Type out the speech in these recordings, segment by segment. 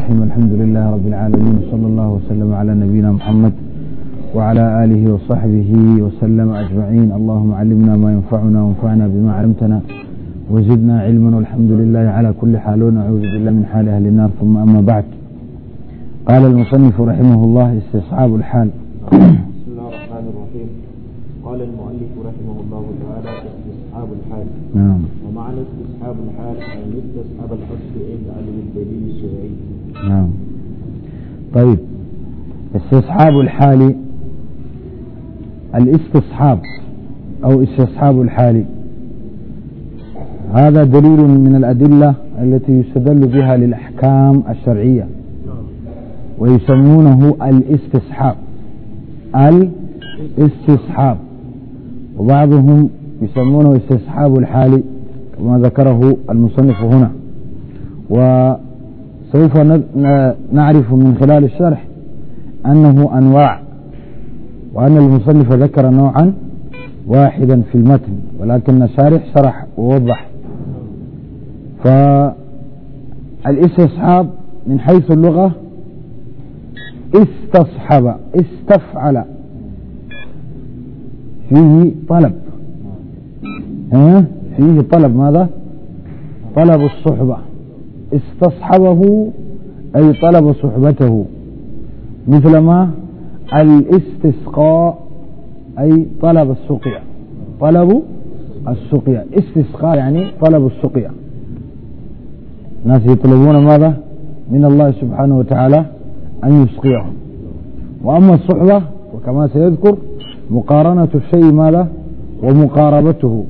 الرحيم الحمد لله رب العالمين صلى الله وسلم على نبينا محمد وعلى آله وصحبه وسلم أجمعين اللهم علمنا ما ينفعنا وانفعنا بما علمتنا وزدنا علما والحمد لله على كل حال ونعوذ بالله من حال أهل النار ثم أما بعد قال المصنف رحمه الله استصعاب الحال بسم الله الرحمن الرحيم قال المؤلف رحمه الله تعالى استصحاب الحال نعم ومعنى استصحاب الحال أن استصحاب الحسن عند نعم طيب استصحاب الحالي الاستصحاب أو استصحاب الحالي هذا دليل من الأدلة التي يستدل بها للأحكام الشرعية ويسمونه الاستصحاب الاستصحاب وبعضهم يسمونه استصحاب الحالي كما ذكره المصنف هنا و سوف نعرف من خلال الشرح أنه أنواع وأن المصنف ذكر نوعا واحدا في المتن ولكن الشارح شرح ووضح فالاستصحاب من حيث اللغة استصحب استفعل فيه طلب فيه طلب ماذا طلب الصحبة استصحبه أي طلب صحبته مثلما الاستسقاء أي طلب السقيا طلب السقيا استسقاء يعني طلب السقيا الناس يطلبون ماذا من الله سبحانه وتعالى أن يسقيهم وأما الصحبة وكما سيذكر مقارنة الشيء ماذا ومقاربته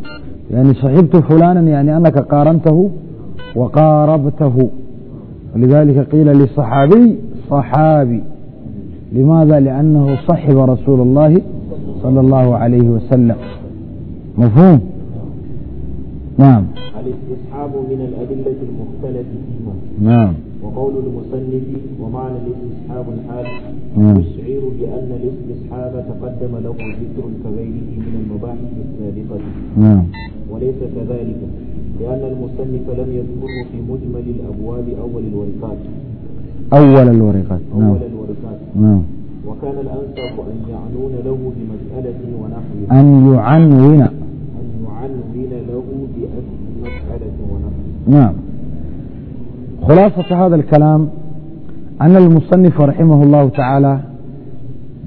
يعني صحبت فلانا يعني أنك قارنته وقاربته ولذلك قيل للصحابي صحابي لماذا لأنه صحب رسول الله صلى الله عليه وسلم مفهوم نعم الاستصحاب من الأدلة المختلفة نعم وقول المصنف ومعنى الاستصحاب الحال يشعر بان الاستصحاب تقدم له ذكر كغيره من المباحث السابقه وليس كذلك لان المصنف لم يذكره في مجمل الابواب اول الورقات اول الورقات اول نعم. الورقات نعم وكان الانسب ان يعنون له بمساله ونحوها ان يعنون ان يعنون له بمساله ونحوها نعم خلاصة هذا الكلام أن المصنف رحمه الله تعالى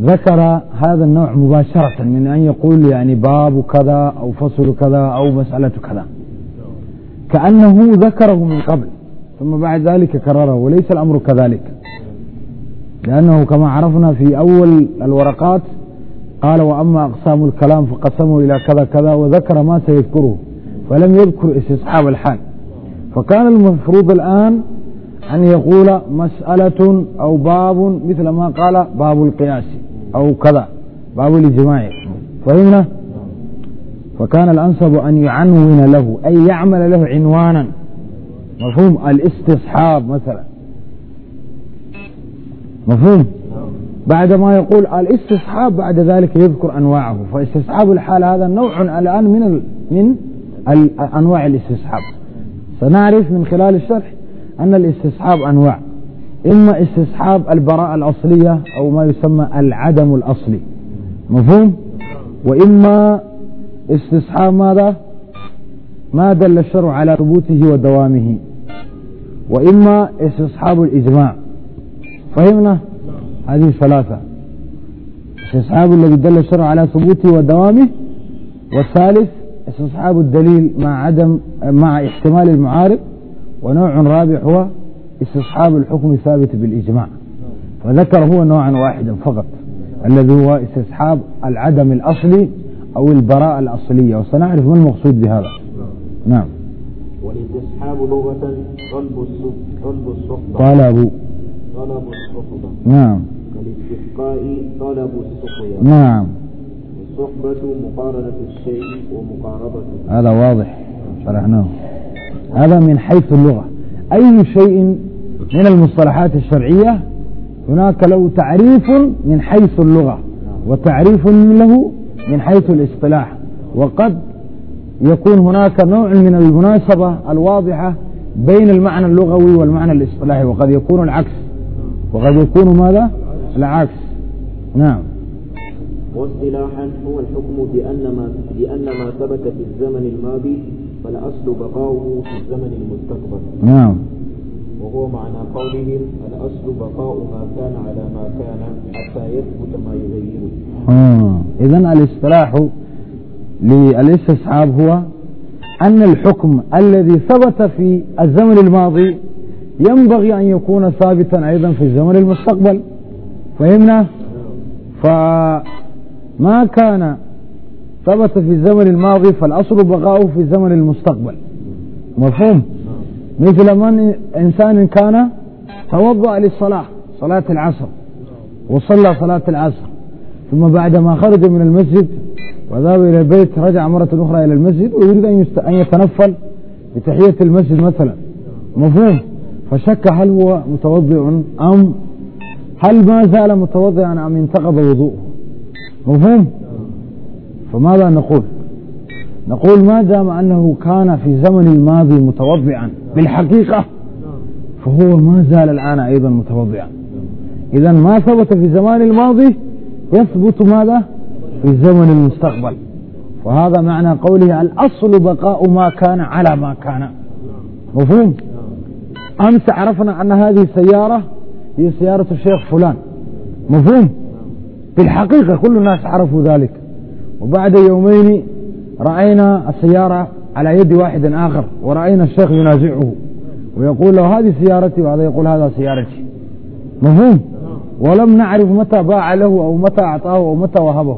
ذكر هذا النوع مباشرة من أن يقول يعني باب كذا أو فصل كذا أو مسألة كذا كأنه ذكره من قبل ثم بعد ذلك كرره وليس الأمر كذلك لأنه كما عرفنا في أول الورقات قال وأما أقسام الكلام فقسمه إلى كذا كذا وذكر ما سيذكره فلم يذكر استصحاب الحال فكان المفروض الآن أن يقول مسألة أو باب مثل ما قال باب القياس أو كذا باب الإجماع فهمنا فكان الأنسب أن يعنون له أي يعمل له عنوانا مفهوم الاستصحاب مثلا مفهوم بعد ما يقول الاستصحاب بعد ذلك يذكر أنواعه فاستصحاب الحال هذا نوع الآن من من أنواع الاستصحاب فنعرف من خلال الشرح أن الاستصحاب أنواع إما استصحاب البراءة الأصلية أو ما يسمى العدم الأصلي مفهوم وإما استصحاب ماذا ما دل الشرع على ثبوته ودوامه وإما استصحاب الإجماع فهمنا هذه ثلاثة استصحاب الذي دل الشرع على ثبوته ودوامه والثالث استصحاب الدليل مع عدم مع احتمال المعارض ونوع رابع هو استصحاب الحكم الثابت بالإجماع فذكر هو نوعا واحدا فقط الذي هو استصحاب العدم الأصلي أو البراءة الأصلية وسنعرف ما المقصود بهذا نعم والاستصحاب لغة طلب السقطة طلب طلب السقطة نعم والاستحقاء طلب السقيا نعم صحبة مقارنة الشيء ومقاربته هذا واضح شرحناه هذا من حيث اللغة أي شيء من المصطلحات الشرعية هناك له تعريف من حيث اللغة وتعريف له من حيث الاصطلاح وقد يكون هناك نوع من المناسبة الواضحة بين المعنى اللغوي والمعنى الاصطلاحي وقد يكون العكس وقد يكون ماذا العكس نعم واصطلاحا هو الحكم بأن ما, بأن ما ثبت في الزمن الماضي فالأصل بقاؤه في الزمن المستقبل نعم وهو معنى قولهم الأصل بقاء ما كان على ما كان حتى يثبت ما يغيره آه. إذا الاصطلاح للاستصحاب هو أن الحكم الذي ثبت في الزمن الماضي ينبغي أن يكون ثابتا أيضا في الزمن المستقبل فهمنا؟ نعم. ف ما كان ثبت في الزمن الماضي فالأصل بقاؤه في الزمن المستقبل مفهوم مثل من إنسان كان توضأ للصلاة صلاة العصر وصلى صلاة العصر ثم بعدما خرج من المسجد وذهب إلى البيت رجع مرة أخرى إلى المسجد ويريد أن يتنفل بتحية المسجد مثلا مفهوم فشك هل هو متوضع أم هل ما زال متوضعا أم انتقض وضوءه مفهوم فماذا نقول نقول ما دام أنه كان في زمن الماضي متوضعا بالحقيقة فهو ما زال الآن أيضا متوضعا إذا ما ثبت في زمان الماضي يثبت ماذا في زمن المستقبل وهذا معنى قوله الأصل بقاء ما كان على ما كان مفهوم أمس عرفنا أن هذه السيارة هي سيارة الشيخ فلان مفهوم في الحقيقة كل الناس عرفوا ذلك وبعد يومين رأينا السيارة على يد واحد آخر ورأينا الشيخ ينازعه ويقول له هذه سيارتي وهذا يقول هذا سيارتي مفهوم ولم نعرف متى باع له أو متى أعطاه أو متى وهبه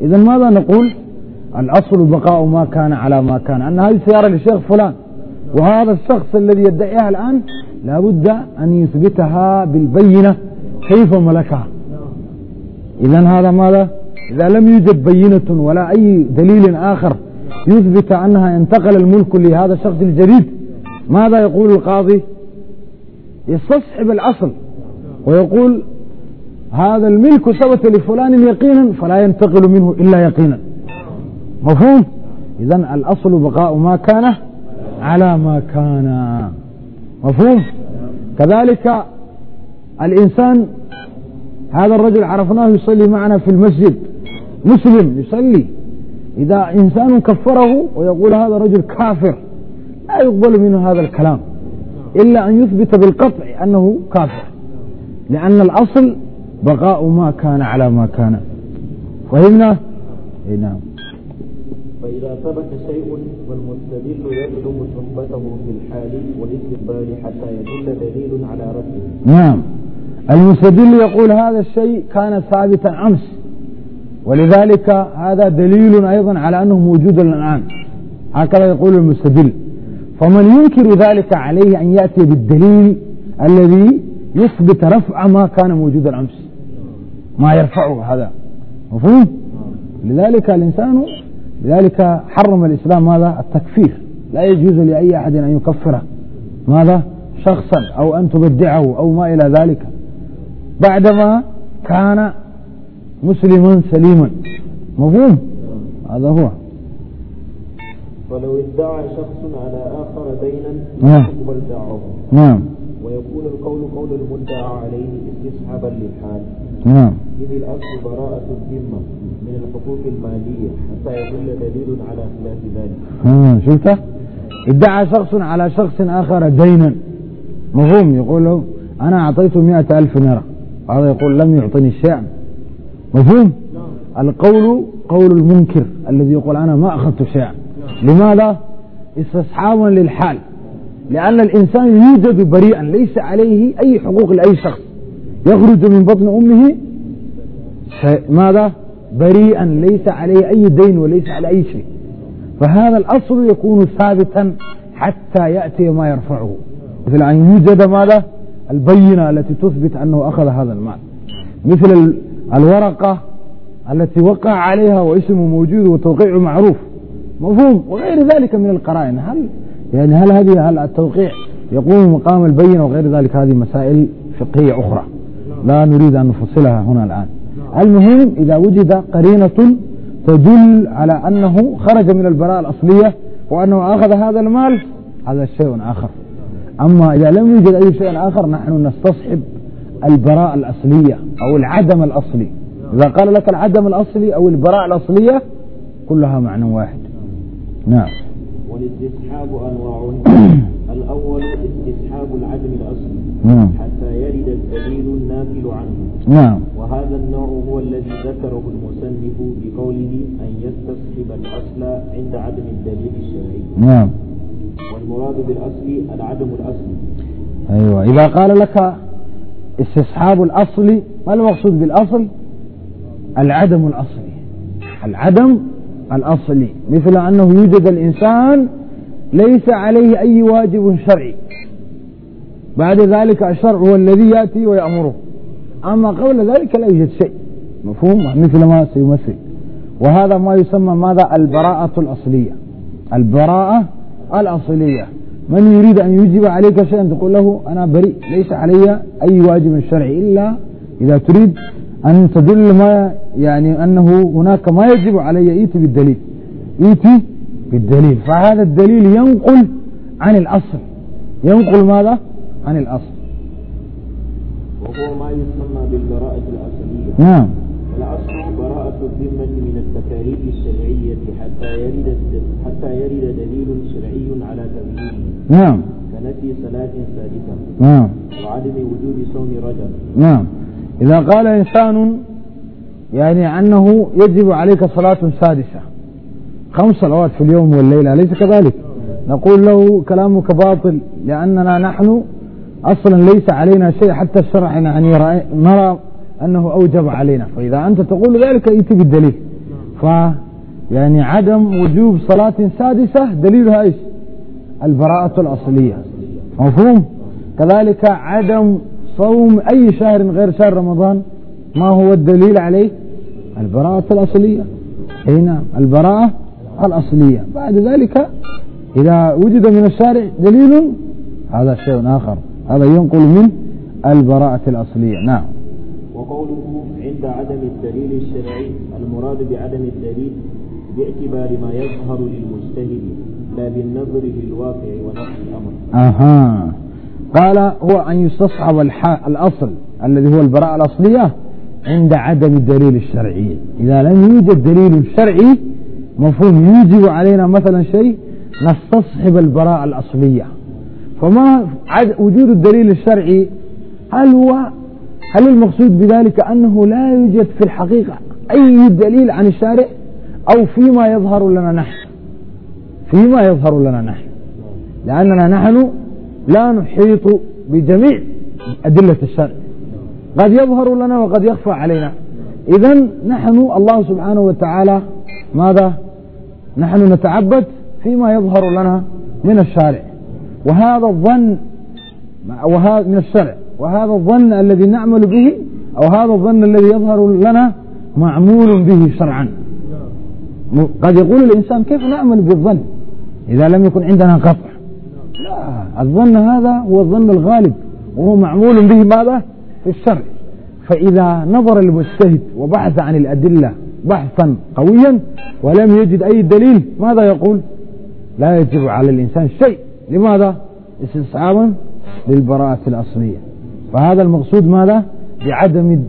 إذا ماذا نقول الأصل بقاء ما كان على ما كان أن هذه السيارة للشيخ فلان وهذا الشخص الذي يدعيها الآن لابد أن يثبتها بالبينة كيف ملكها إذا هذا ماذا إذا لم يوجد بينة ولا أي دليل آخر يثبت أنها انتقل الملك لهذا الشخص الجديد ماذا يقول القاضي يستصحب الأصل ويقول هذا الملك ثبت لفلان يقينا فلا ينتقل منه إلا يقينا مفهوم إذا الأصل بقاء ما كان على ما كان مفهوم كذلك الإنسان هذا الرجل عرفناه يصلي معنا في المسجد مسلم يصلي إذا إنسان كفره ويقول هذا رجل كافر لا يقبل منه هذا الكلام إلا أن يثبت بالقطع أنه كافر لأن الأصل بقاء ما كان على ما كان فهمنا؟ إيه نعم فإذا ثبت شيء والمستدل يلزم صحبته في الحال والاستقبال حتى يدل دليل على رده نعم المستدل يقول هذا الشيء كان ثابتا أمس ولذلك هذا دليل أيضا على أنه موجود الآن هكذا يقول المستدل فمن ينكر ذلك عليه أن يأتي بالدليل الذي يثبت رفع ما كان موجودا أمس ما يرفعه هذا مفهوم لذلك الإنسان لذلك حرم الإسلام ماذا التكفير لا يجوز لأي أحد أن يكفر ماذا شخصا أو أن تبدعه أو ما إلى ذلك بعدما كان مسلما سليما مفهوم هذا هو فلو ادعى شخص على آخر دينا نعم يقبل دعوه نعم ويكون القول قول المدعى عليه استصحابا للحال نعم إذ الأصل براءة الذمة من الحقوق المالية حتى يدل دليل على خلاف ذلك آه شفته ادعى شخص على شخص آخر دينا مفهوم يقول له أنا أعطيته مئة ألف ليرة هذا يقول لم يعطني شيئا مفهوم القول قول المنكر الذي يقول أنا ما أخذت شيئا لماذا استصحابا للحال لأن الإنسان يوجد بريئا ليس عليه أي حقوق لأي شخص يخرج من بطن أمه ماذا بريئا ليس عليه أي دين وليس على أي شيء فهذا الأصل يكون ثابتا حتى يأتي ما يرفعه مثل أن يوجد ماذا البينة التي تثبت أنه أخذ هذا المال مثل الورقة التي وقع عليها واسمه موجود وتوقيعه معروف مفهوم وغير ذلك من القرائن هل يعني هل هذه هل التوقيع يقوم مقام البينة وغير ذلك هذه مسائل فقهية أخرى لا نريد أن نفصلها هنا الآن المهم إذا وجد قرينة تدل على أنه خرج من البراءة الأصلية وأنه أخذ هذا المال هذا شيء آخر أما إذا لم يوجد أي شيء آخر نحن نستصحب البراءة الأصلية أو العدم الأصلي إذا قال لك العدم الأصلي أو البراءة الأصلية كلها معنى واحد نعم والاستصحاب أنواع الأول استصحاب العدم الأصلي نعم حتى يرد الدليل النافل عنه نعم وهذا النوع هو الذي ذكره المصنف بقوله أن يستصحب الأصل عند عدم الدليل الشرعي نعم والمراد بالأصل العدم الأصلي أيوة إذا قال لك استصحاب الأصل ما المقصود بالأصل العدم الأصلي العدم الأصلي مثل أنه يوجد الإنسان ليس عليه أي واجب شرعي بعد ذلك الشرع هو الذي يأتي ويأمره أما قبل ذلك لا يوجد شيء مفهوم مثل ما سيمثل وهذا ما يسمى ماذا البراءة الأصلية البراءة الأصلية من يريد أن يجب عليك شيئا تقول له أنا بريء ليس علي أي واجب شرعي إلا إذا تريد أن تدل ما يعني أنه هناك ما يجب علي إيتي بالدليل إيتي بالدليل فهذا الدليل ينقل عن الأصل ينقل ماذا عن الأصل وهو ما يسمى بالبراءة الأصلية نعم الأصل براءة الذمة من التكاليف الشرعية حتى يرد حتى يرد دليل شرعي على تبيينه. نعم. كنفي صلاة ثالثة. نعم. وعدم وجود صوم رجب. نعم. إذا قال إنسان يعني أنه يجب عليك صلاة سادسة خمس صلوات في اليوم والليلة أليس كذلك نعم. نقول له كلامك باطل لأننا نحن أصلا ليس علينا شيء حتى الشرع يعني نرى أنه أوجب علينا فإذا أنت تقول ذلك يتبي الدليل ف يعني عدم وجوب صلاة سادسة دليلها إيش البراءة الأصلية مفهوم كذلك عدم صوم أي شهر غير شهر رمضان ما هو الدليل عليه البراءة الأصلية أي نعم البراءة الأصلية بعد ذلك إذا وجد من الشارع دليل هذا شيء آخر هذا ينقل من البراءة الأصلية نعم وقوله عند عدم الدليل الشرعي المراد بعدم الدليل باعتبار ما يظهر للمجتهد لا بالنظر للواقع ونفس الأمر أها قال هو أن يستصعب الأصل الذي هو البراءة الأصلية عند عدم الدليل الشرعي إذا لم يوجد دليل شرعي مفهوم يوجب علينا مثلا شيء نستصحب البراءة الأصلية فما وجود الدليل الشرعي هل هو هل المقصود بذلك أنه لا يوجد في الحقيقة أي دليل عن الشارع أو فيما يظهر لنا نحن فيما يظهر لنا نحن لأننا نحن لا نحيط بجميع أدلة الشرع قد يظهر لنا وقد يخفى علينا إذا نحن الله سبحانه وتعالى ماذا نحن نتعبد فيما يظهر لنا من الشارع وهذا الظن وهذا من الشرع وهذا الظن الذي نعمل به أو هذا الظن الذي يظهر لنا معمول به شرعا قد يقول الإنسان كيف نعمل بالظن إذا لم يكن عندنا قطع لا الظن هذا هو الظن الغالب وهو معمول به ماذا في الشرع فإذا نظر المجتهد وبحث عن الأدلة بحثا قويا ولم يجد أي دليل ماذا يقول لا يجب على الإنسان شيء لماذا استصعابا للبراءة الأصلية فهذا المقصود ماذا بعدم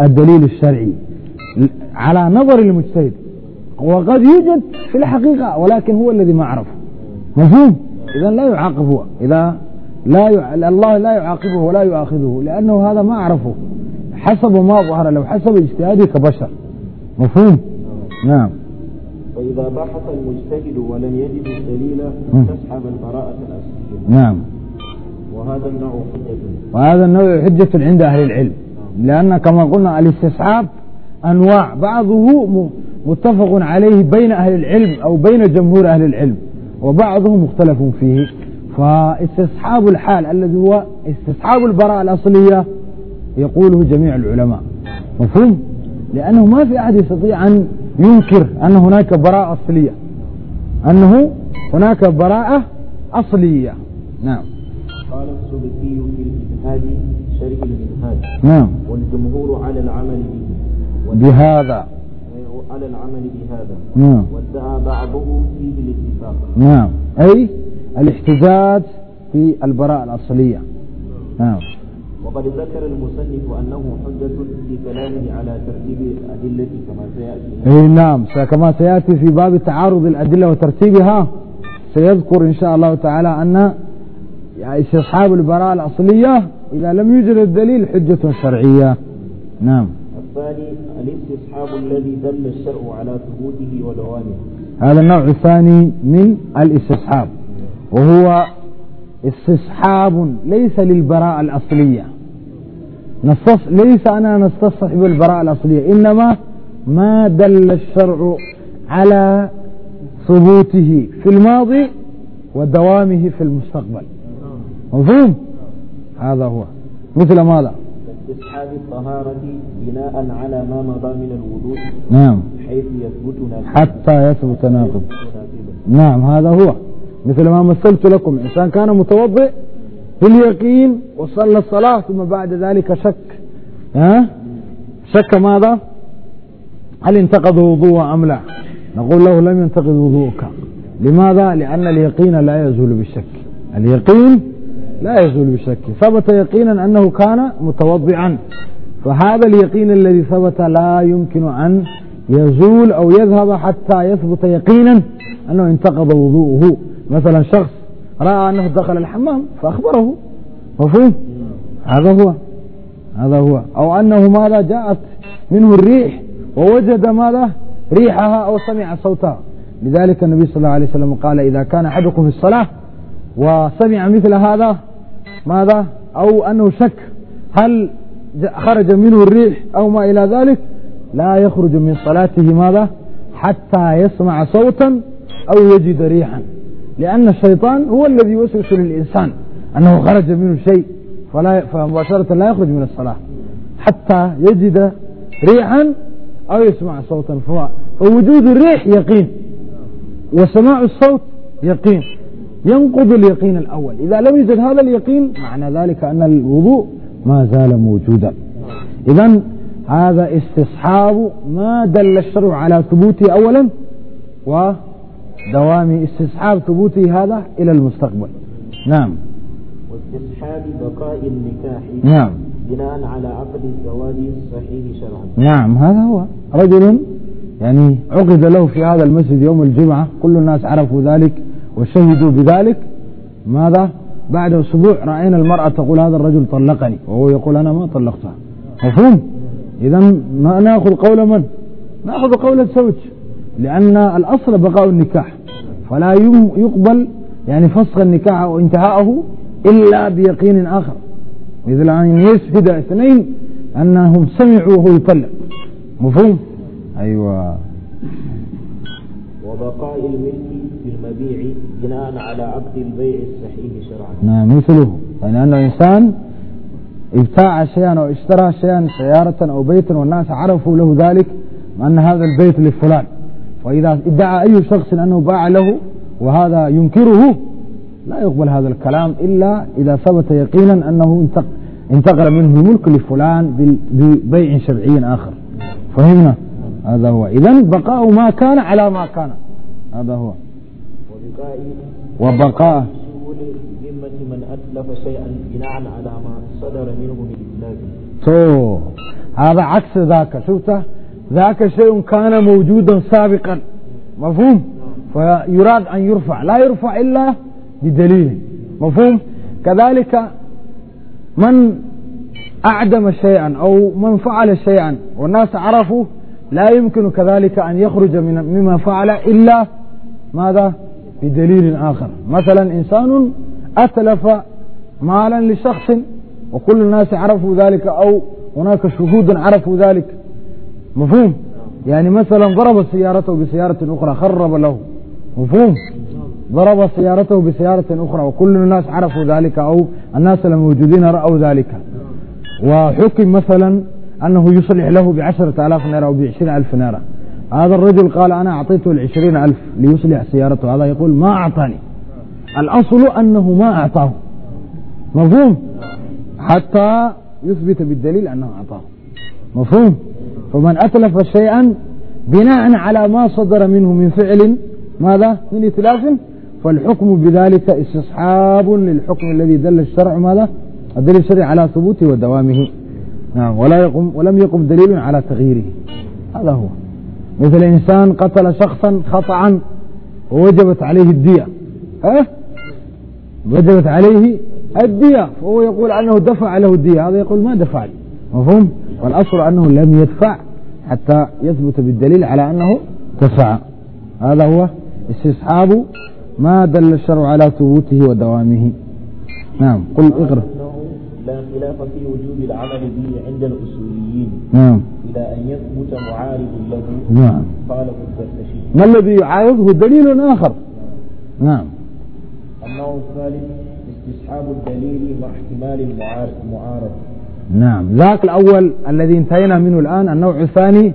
الدليل الشرعي على نظر المجتهد وقد يوجد في الحقيقة ولكن هو الذي ما عرفه مفهوم إذا لا يعاقبه إذا لا ي... الله لا يعاقبه ولا يؤاخذه لأنه هذا ما عرفه حسب ما ظهر له حسب اجتهاده كبشر مفهوم نعم وإذا بحث المجتهد ولم يجد الدليل فاسحب البراءة الأصلية نعم وهذا النوع حجة وهذا النوع حجة عند أهل العلم لأن كما قلنا الاستصحاب أنواع بعضه متفق عليه بين أهل العلم أو بين جمهور أهل العلم وبعضه مختلف فيه فاستصحاب الحال الذي هو استصحاب البراءة الأصلية يقوله جميع العلماء مفهوم؟ لأنه ما في أحد يستطيع أن ينكر أن هناك براءة أصلية أنه هناك براءة أصلية نعم قال السبكي في الإجهاد شرك الإجهاد نعم والجمهور على العمل به بهذا أيوة، على العمل بهذا نعم وادعى بعضهم فيه الاتفاق نعم أي الاحتجاج في البراءة الأصلية نعم وقد ذكر المصنف أنه حجة في كلامه على ترتيب الأدلة كما سيأتي أي نعم كما سيأتي في باب تعارض الأدلة وترتيبها سيذكر إن شاء الله تعالى أن يعني استصحاب البراءة الأصلية إذا لم يوجد الدليل حجة شرعية نعم الثاني الاستصحاب الذي دل الشرع على ثبوته ولوانه هذا النوع الثاني من الاستصحاب وهو استصحاب ليس للبراءة الأصلية نستص... ليس أنا نستصحب بالبراءة الأصلية إنما ما دل الشرع على ثبوته في الماضي ودوامه في المستقبل مفهوم هذا هو مثل ما لا استسحاب الطهارة بناء على ما مضى من الوضوء نعم حيث يثبت ناقض حتى يثبت ناقض نعم هذا هو مثل ما مثلت لكم إنسان كان متوضئ في اليقين وصلى الصلاة ثم بعد ذلك شك ها شك ماذا هل انتقض وضوءه أم لا نقول له لم ينتقض وضوءك لماذا لأن اليقين لا يزول بالشك اليقين لا يزول بشك ثبت يقينا أنه كان متوضعا فهذا اليقين الذي ثبت لا يمكن أن يزول أو يذهب حتى يثبت يقينا أنه انتقض وضوءه مثلا شخص رأى أنه دخل الحمام فأخبره مفهوم هذا هو هذا هو أو أنه ماذا جاءت منه الريح ووجد ماذا ريحها أو سمع صوتها لذلك النبي صلى الله عليه وسلم قال إذا كان أحدكم في الصلاة وسمع مثل هذا ماذا أو أنه شك هل خرج منه الريح أو ما إلى ذلك لا يخرج من صلاته ماذا حتى يسمع صوتا أو يجد ريحا لأن الشيطان هو الذي يوسوس للإنسان أنه خرج منه شيء فلا فمباشرة لا يخرج من الصلاة حتى يجد ريحا أو يسمع صوتا فوجود الريح يقين وسماع الصوت يقين ينقض اليقين الأول إذا لم يوجد هذا اليقين معنى ذلك أن الوضوء ما زال موجودا إذا هذا استصحاب ما دل الشرع على ثبوته أولا ودوام استصحاب ثبوته هذا إلى المستقبل نعم واستصحاب بقاء النكاح نعم بناء على عقد الزواج الصحيح شرعا نعم هذا هو رجل يعني عقد له في هذا المسجد يوم الجمعة كل الناس عرفوا ذلك وشهدوا بذلك ماذا بعد أسبوع رأينا المرأة تقول هذا الرجل طلقني وهو يقول أنا ما طلقتها مفهوم إذا ما نأخذ قول من نأخذ قول الزوج لأن الأصل بقاء النكاح فلا يقبل يعني فسخ النكاح أو انتهاءه إلا بيقين آخر إذا أن يشهد اثنين أنهم سمعوا وهو يطلق مفهوم أيوه وبقاء الملك في المبيع بناء على عقد البيع الصحيح شرعا نعم مثله يعني أن الإنسان ابتاع شيئا أو اشترى شيئا سيارة أو بيتا والناس عرفوا له ذلك أن هذا البيت لفلان فإذا ادعى أي شخص أنه باع له وهذا ينكره لا يقبل هذا الكلام إلا إذا ثبت يقينا أنه انتقل منه الملك لفلان ببيع شرعي آخر فهمنا هذا هو إذا بقاء ما كان على ما كان هذا هو وبقاء ذمة من أتلف شيئا بناء على ما صدر منه من إتلاف تو هذا عكس ذاك شفته ذاك شيء كان موجودا سابقا مفهوم فيراد أن يرفع لا يرفع إلا بدليل مفهوم كذلك من أعدم شيئا أو من فعل شيئا والناس عرفوا لا يمكن كذلك أن يخرج من مما فعل إلا ماذا بدليل آخر مثلا إنسان أتلف مالا لشخص وكل الناس عرفوا ذلك أو هناك شهود عرفوا ذلك مفهوم يعني مثلا ضرب سيارته بسيارة أخرى خرب له مفهوم ضرب سيارته بسيارة أخرى وكل الناس عرفوا ذلك أو الناس الموجودين رأوا ذلك وحكم مثلا أنه يصلح له بعشرة آلاف نيرة أو بعشرين ألف نيرة هذا الرجل قال أنا أعطيته العشرين ألف ليصلح سيارته هذا يقول ما أعطاني الأصل أنه ما أعطاه مفهوم حتى يثبت بالدليل أنه أعطاه مفهوم فمن أتلف شيئا بناء على ما صدر منه من فعل ماذا من إتلاف فالحكم بذلك استصحاب للحكم الذي دل الشرع ماذا الدليل الشرعي على ثبوته ودوامه نعم ولا يقوم ولم يقم دليل على تغييره هذا هو مثل إنسان قتل شخصا خطأ ووجبت عليه الدية أه؟ وجبت عليه الدية فهو يقول أنه دفع له الدية هذا يقول ما دفع لي مفهوم والأصل أنه لم يدفع حتى يثبت بالدليل على أنه دفع هذا هو استصحاب ما دل الشرع على ثبوته ودوامه نعم قل اقرأ لا خلاف في وجوب العمل به عند الأصوليين نعم إلى أن يثبت معارض له نعم قاله الزركشي ما الذي يعارضه دليل آخر نعم النوع الثالث استصحاب الدليل مع احتمال المعارض نعم ذاك الأول الذي انتهينا منه الآن النوع الثاني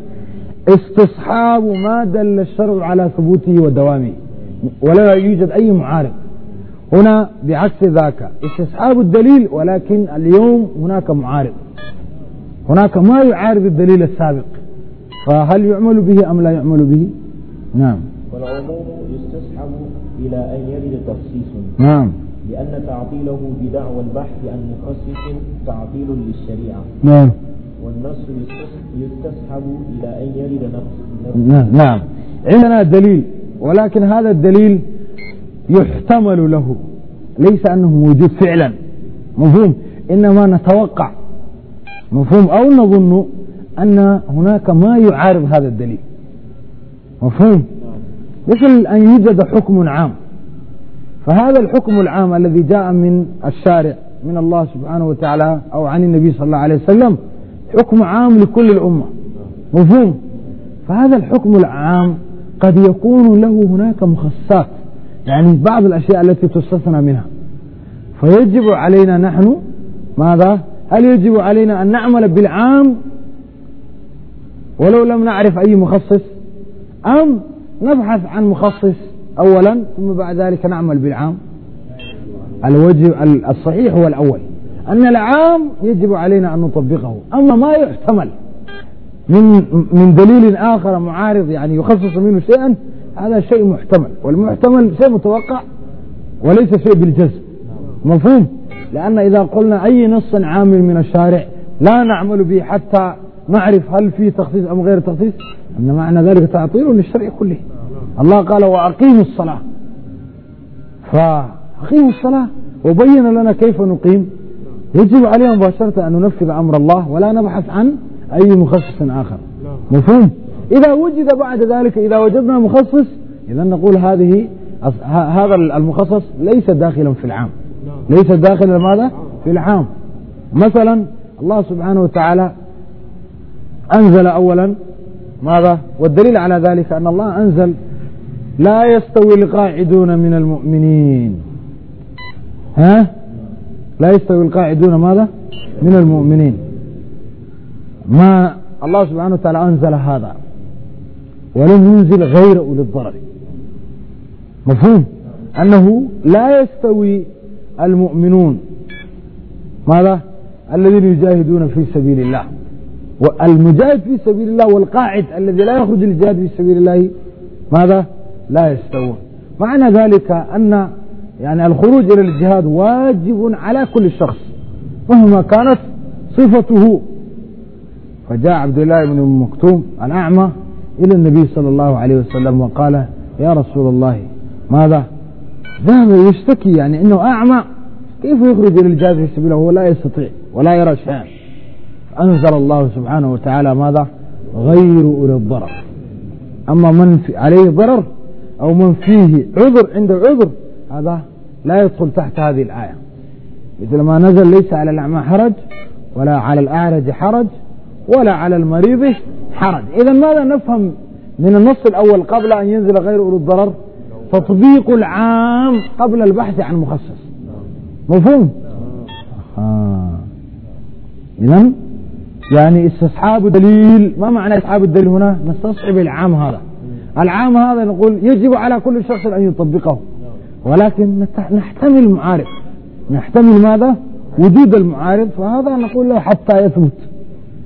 استصحاب ما دل الشرع على ثبوته ودوامه ولا يوجد أي معارض هنا بعكس ذاك استصحاب الدليل ولكن اليوم هناك معارض هناك ما يعارض الدليل السابق فهل يعمل به أم لا يعمل به نعم والعموم يستصحب إلى أن يرد تخصيص نعم لأن تعطيله بدعوى البحث عن مخصص تعطيل للشريعة نعم والنص يستصحب إلى أن يرد نفس نعم. نعم عندنا دليل ولكن هذا الدليل يحتمل له ليس أنه موجود فعلا مفهوم إنما نتوقع مفهوم أو نظن أن هناك ما يعارض هذا الدليل مفهوم مثل أن يوجد حكم عام فهذا الحكم العام الذي جاء من الشارع من الله سبحانه وتعالى أو عن النبي صلى الله عليه وسلم حكم عام لكل الأمة مفهوم فهذا الحكم العام قد يكون له هناك مخصصات يعني بعض الأشياء التي تستثنى منها فيجب علينا نحن ماذا هل يجب علينا أن نعمل بالعام ولو لم نعرف أي مخصص أم نبحث عن مخصص أولا ثم بعد ذلك نعمل بالعام الوجه الصحيح هو الأول أن العام يجب علينا أن نطبقه أما ما يحتمل من من دليل آخر معارض يعني يخصص منه شيئا هذا شيء محتمل والمحتمل شيء متوقع وليس شيء بالجزم مفهوم لأن إذا قلنا أي نص عامل من الشارع لا نعمل به حتى نعرف هل في تخصيص أم غير تخصيص أن معنى ذلك تعطيل للشرع كله الله قال وأقيموا الصلاة فأقيموا الصلاة وبين لنا كيف نقيم يجب علينا مباشرة أن ننفذ أمر الله ولا نبحث عن أي مخصص آخر مفهوم إذا وجد بعد ذلك إذا وجدنا مخصص إذا نقول هذه هذا المخصص ليس داخلا في العام نعم. ليس داخلا ماذا في العام مثلا الله سبحانه وتعالى أنزل أولا ماذا والدليل على ذلك أن الله أنزل لا يستوي القاعدون من المؤمنين ها لا يستوي القاعدون ماذا من المؤمنين ما الله سبحانه وتعالى أنزل هذا ولم ينزل غير أولي الضرر مفهوم أنه لا يستوي المؤمنون ماذا الذين يجاهدون في سبيل الله والمجاهد في سبيل الله والقاعد الذي لا يخرج الجاهد في سبيل الله ماذا لا يستوون معنى ذلك أن يعني الخروج إلى الجهاد واجب على كل شخص مهما كانت صفته فجاء عبد الله بن مكتوم الأعمى إلى النبي صلى الله عليه وسلم وقال يا رسول الله ماذا ذهب يشتكي يعني أنه أعمى كيف يخرج إلى الجهاد في سبيله وهو لا يستطيع ولا يرى شيئا أنزل الله سبحانه وتعالى ماذا غير أولي الضرر أما من في عليه ضرر أو من فيه عذر عنده عذر هذا لا يدخل تحت هذه الآية مثل ما نزل ليس على الأعمى حرج ولا على الأعرج حرج ولا على المريض حرج إذا ماذا نفهم من النص الأول قبل أن ينزل غير أولو الضرر تطبيق العام قبل البحث عن مخصص مفهوم آه. إذا يعني استصحاب الدليل ما معنى استصحاب الدليل هنا نستصحب العام هذا العام هذا نقول يجب على كل شخص أن يطبقه ولكن نحتمل معارض نحتمل ماذا وجود المعارض فهذا نقول له حتى يثبت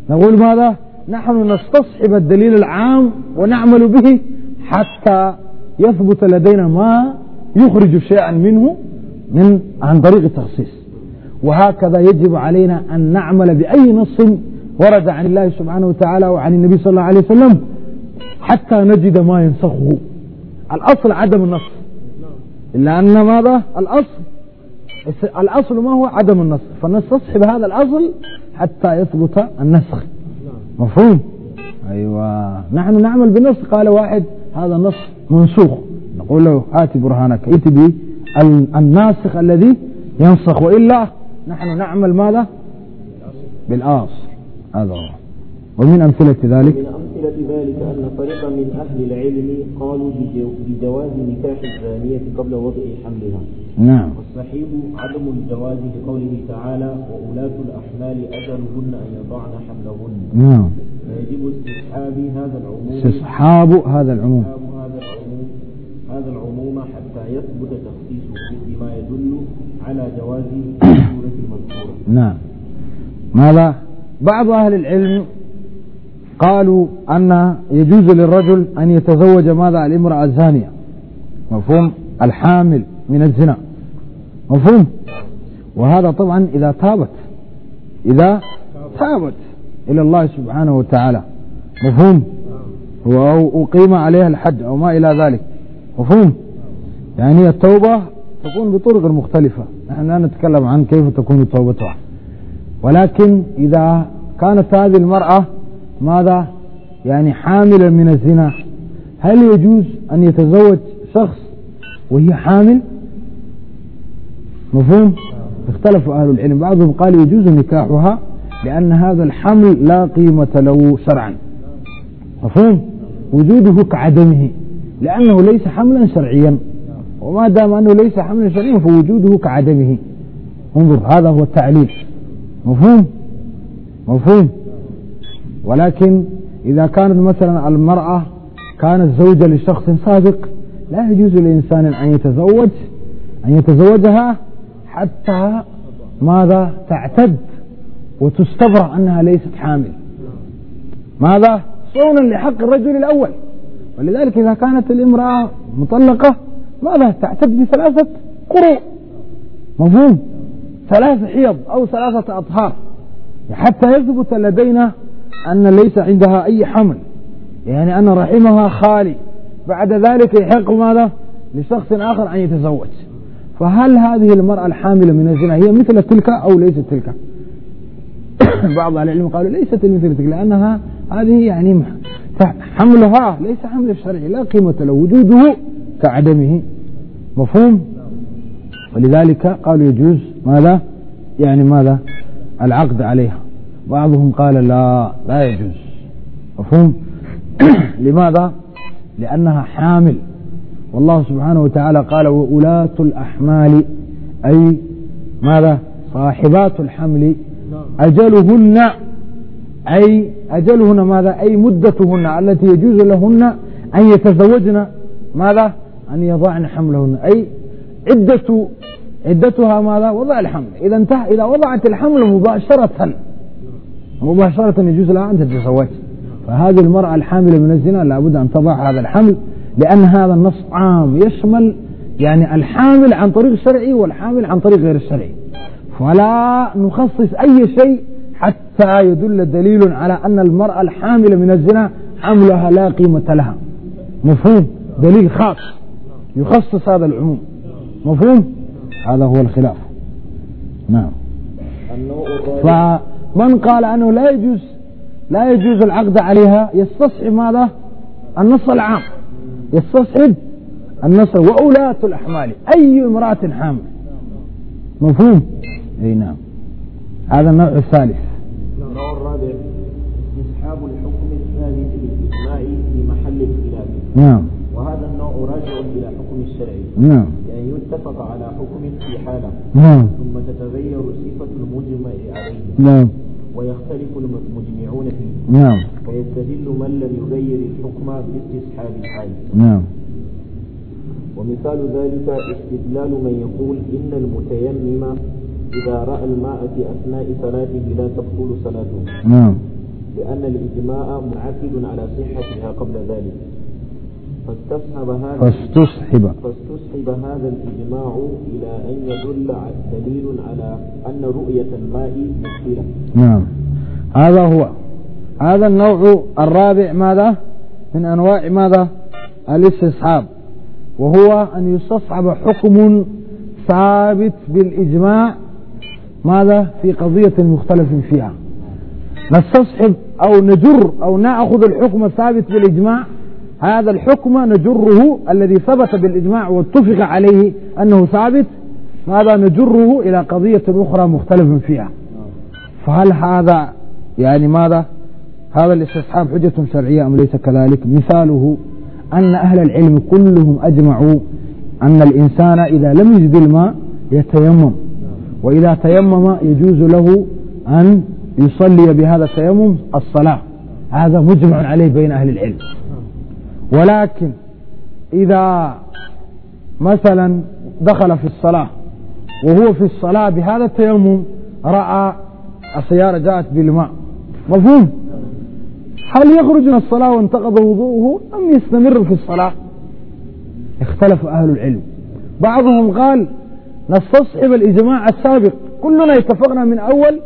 نقول ماذا نحن نستصحب الدليل العام ونعمل به حتى يثبت لدينا ما يخرج شيئا منه من عن طريق التخصيص وهكذا يجب علينا أن نعمل بأي نص ورد عن الله سبحانه وتعالى وعن النبي صلى الله عليه وسلم حتى نجد ما ينسخه الأصل عدم النص إلا أن ماذا الأصل الأصل ما هو عدم النسخ فنستصحب بهذا الأصل حتى يثبت النسخ مفهوم أيوة نحن نعمل بنص قال واحد هذا النص منسوخ نقول له هات برهانك ائت إيه الناسخ الذي ينسخ وإلا نحن نعمل ماذا بالآصل هذا هو ومن أمثلة ذلك أمثلة ذلك أن فريقا من أهل العلم قالوا بجواز نكاح الزانية قبل وضع حملها نعم والصحيح عدم الجواز لقوله تعالى وأولاة الأحمال أجلهن أن يضعن حملهن نعم فيجب استصحاب هذا العموم استصحاب هذا العموم هذا العموم هذا العموم حتى يثبت تخصيصه بما يدل على جواز الصورة المذكورة نعم ماذا؟ بعض أهل العلم قالوا أن يجوز للرجل أن يتزوج ماذا الامرأة الزانية مفهوم الحامل من الزنا مفهوم وهذا طبعا إذا تابت إذا تابت إلى الله سبحانه وتعالى مفهوم أو أقيم عليها الحد أو ما إلى ذلك مفهوم يعني التوبة تكون بطرق مختلفة نحن لا نتكلم عن كيف تكون توبتها ولكن إذا كانت هذه المرأة ماذا يعني حاملا من الزنا هل يجوز أن يتزوج شخص وهي حامل مفهوم اختلف أهل العلم بعضهم قال يجوز نكاحها لأن هذا الحمل لا قيمة له شرعا مفهوم وجوده كعدمه لأنه ليس حملا شرعيا وما دام أنه ليس حملا شرعيا فوجوده كعدمه انظر هذا هو التعليل مفهوم مفهوم ولكن إذا كانت مثلا المرأة كانت زوجة لشخص سابق لا يجوز لإنسان أن يتزوج أن يتزوجها حتى ماذا تعتد وتستبرأ أنها ليست حامل ماذا صونا لحق الرجل الأول ولذلك إذا كانت الامرأة مطلقة ماذا تعتد بثلاثة قروء مفهوم ثلاث حيض أو ثلاثة أطهار حتى يثبت لدينا أن ليس عندها أي حمل يعني أن رحمها خالي بعد ذلك يحق ماذا لشخص آخر أن يتزوج فهل هذه المرأة الحاملة من الزنا هي مثل تلك أو ليست تلك بعض أهل العلم قالوا ليست مثل تلك لأنها هذه يعني حملها ليس حمل شرعي لا قيمة له وجوده كعدمه مفهوم ولذلك قالوا يجوز ماذا يعني ماذا العقد عليها بعضهم قال لا لا يجوز مفهوم لماذا لأنها حامل والله سبحانه وتعالى قال وأولاة الأحمال أي ماذا صاحبات الحمل أجلهن أي أجلهن ماذا أي مدتهن التي يجوز لهن أن يتزوجن ماذا أن يضعن حملهن أي عدة عدتها ماذا وضع الحمل إذا انتهى إذا وضعت الحمل مباشرة مباشرة يجوز لها أن تتزوج فهذه المرأة الحاملة من الزنا لابد أن تضع هذا الحمل لأن هذا النص عام يشمل يعني الحامل عن طريق شرعي والحامل عن طريق غير الشرعي فلا نخصص أي شيء حتى يدل دليل على أن المرأة الحاملة من الزنا حملها لا قيمة لها مفهوم دليل خاص يخصص هذا العموم مفهوم هذا هو الخلاف نعم ف... من قال أنه لا يجوز لا يجوز العقد عليها يستصحب ماذا النص العام يستصحب النص وأولاة الأحمال أي امرأة حامل مفهوم أي نعم هذا النوع الثالث النوع الرابع إسحاب الحكم الثالث بالإجماع في محل الخلاف نعم وهذا النوع راجع إلى حكم الشرعي نعم يعني يتفق على حكم في حالة نعم ثم تتغير نعم ويختلف المجمعون فيه نعم ويستدل من لم يغير الحكم باستصحاب الحال نعم ومثال ذلك استدلال من يقول إن المتيمم إذا رأى الماء في أثناء صلاته لا تبطل صلاته نعم لأن الإجماع منعقد على صحتها قبل ذلك فاستصحب هذا فاستصحب فاستصحب هذا الإجماع إلى أن يدل دليل على أن رؤية الماء مشكلة نعم هذا هو هذا النوع الرابع ماذا من أنواع ماذا الاستصحاب وهو أن يستصحب حكم ثابت بالإجماع ماذا في قضية مختلف فيها نستصحب أو نجر أو نأخذ الحكم الثابت بالإجماع هذا الحكم نجره الذي ثبت بالإجماع واتفق عليه أنه ثابت هذا نجره إلى قضية أخرى مختلف فيها فهل هذا يعني ماذا هذا الاستصحاب حجة شرعية أم ليس كذلك مثاله أن أهل العلم كلهم أجمعوا أن الإنسان إذا لم يجد الماء يتيمم وإذا تيمم يجوز له أن يصلي بهذا التيمم الصلاة هذا مجمع عليه بين أهل العلم ولكن إذا مثلا دخل في الصلاة وهو في الصلاة بهذا التيمم رأى السيارة جاءت بالماء مفهوم هل يخرج من الصلاة وانتقض وضوءه أم يستمر في الصلاة اختلف أهل العلم بعضهم قال نستصحب الإجماع السابق كلنا اتفقنا من أول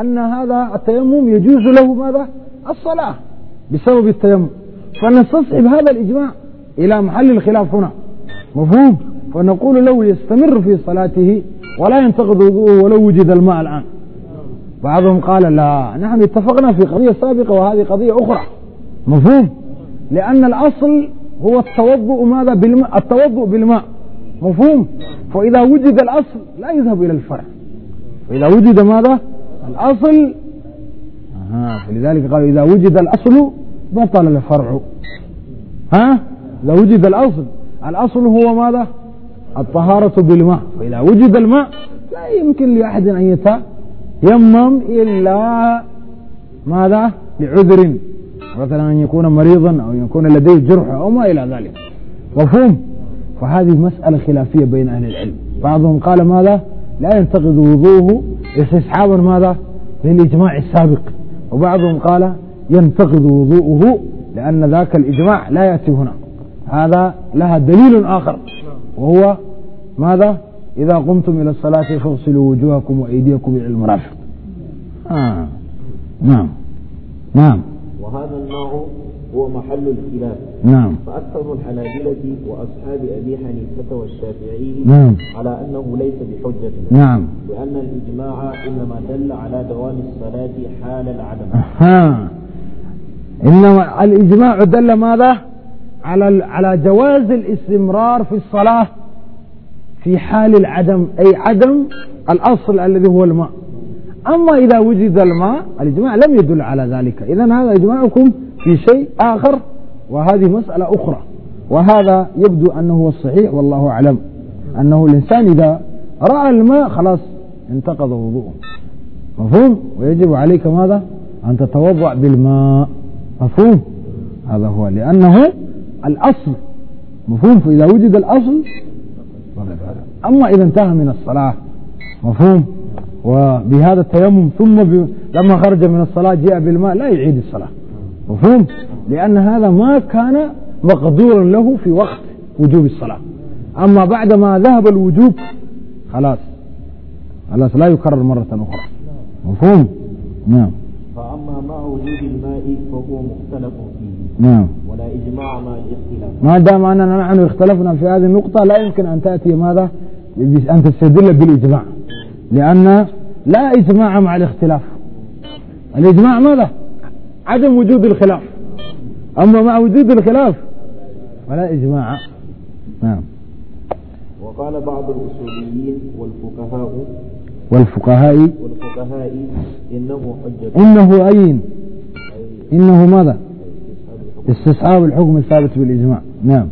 أن هذا التيمم يجوز له ماذا الصلاة بسبب التيمم فنستصعب هذا الإجماع إلى محل الخلاف هنا مفهوم فنقول له يستمر في صلاته ولا ينتقض وضوءه ولو وجد الماء الآن بعضهم قال لا نحن اتفقنا في قضية سابقة وهذه قضية أخرى مفهوم لأن الأصل هو التوضؤ ماذا بالماء التوضؤ بالماء مفهوم فإذا وجد الأصل لا يذهب إلى الفرع فإذا وجد ماذا الأصل آه فلذلك قالوا إذا وجد الأصل بطل الفرع ها لو وجد الأصل الأصل هو ماذا الطهارة بالماء فإذا وجد الماء لا يمكن لأحد أن يتيمم إلا ماذا لعذر مثلا أن يكون مريضا أو يكون لديه جرح أو ما إلى ذلك مفهوم فهذه مسألة خلافية بين أهل العلم بعضهم قال ماذا لا ينتقد وضوه استصحابا ماذا للإجماع السابق وبعضهم قال ينتقض وضوءه لأن ذاك الإجماع لا يأتي هنا هذا لها دليل آخر وهو ماذا إذا قمتم إلى الصلاة فاغسلوا وجوهكم وأيديكم إلى المرافق آه. نعم نعم وهذا النوع هو محل الخلاف نعم فأكثر الحنابلة وأصحاب أبي حنيفة والشافعي نعم على أنه ليس بحجة نعم لأن الإجماع إنما دل على دوام الصلاة حال العدم أها إنما الإجماع دل ماذا على على جواز الاستمرار في الصلاة في حال العدم أي عدم الأصل الذي هو الماء أما إذا وجد الماء الإجماع لم يدل على ذلك إذا هذا إجماعكم في شيء آخر وهذه مسألة أخرى وهذا يبدو أنه هو الصحيح والله أعلم أنه الإنسان إذا رأى الماء خلاص انتقض وضوءه مفهوم ويجب عليك ماذا أن تتوضأ بالماء مفهوم هذا هو لأنه الأصل مفهوم فإذا وجد الأصل أما إذا انتهى من الصلاة مفهوم وبهذا التيمم ثم ب... لما خرج من الصلاة جاء بالماء لا يعيد الصلاة مفهوم لأن هذا ما كان مقدورا له في وقت وجوب الصلاة أما بعد ما ذهب الوجوب خلاص خلاص لا يكرر مرة أخرى مفهوم نعم مع وجود الماء فهو مختلف فيه نعم ولا إجماع مع الاختلاف ما دام أننا نحن اختلفنا في هذه النقطة لا يمكن أن تأتي ماذا أن تستدل بالإجماع لأن لا إجماع مع الاختلاف الإجماع ماذا عدم وجود الخلاف أما مع وجود الخلاف فلا إجماع نعم وقال بعض الأصوليين والفقهاء والفقهاء والفقهاء إنه حجة إنه أين إنه ماذا استصحاب الحكم الثابت بالإجماع نعم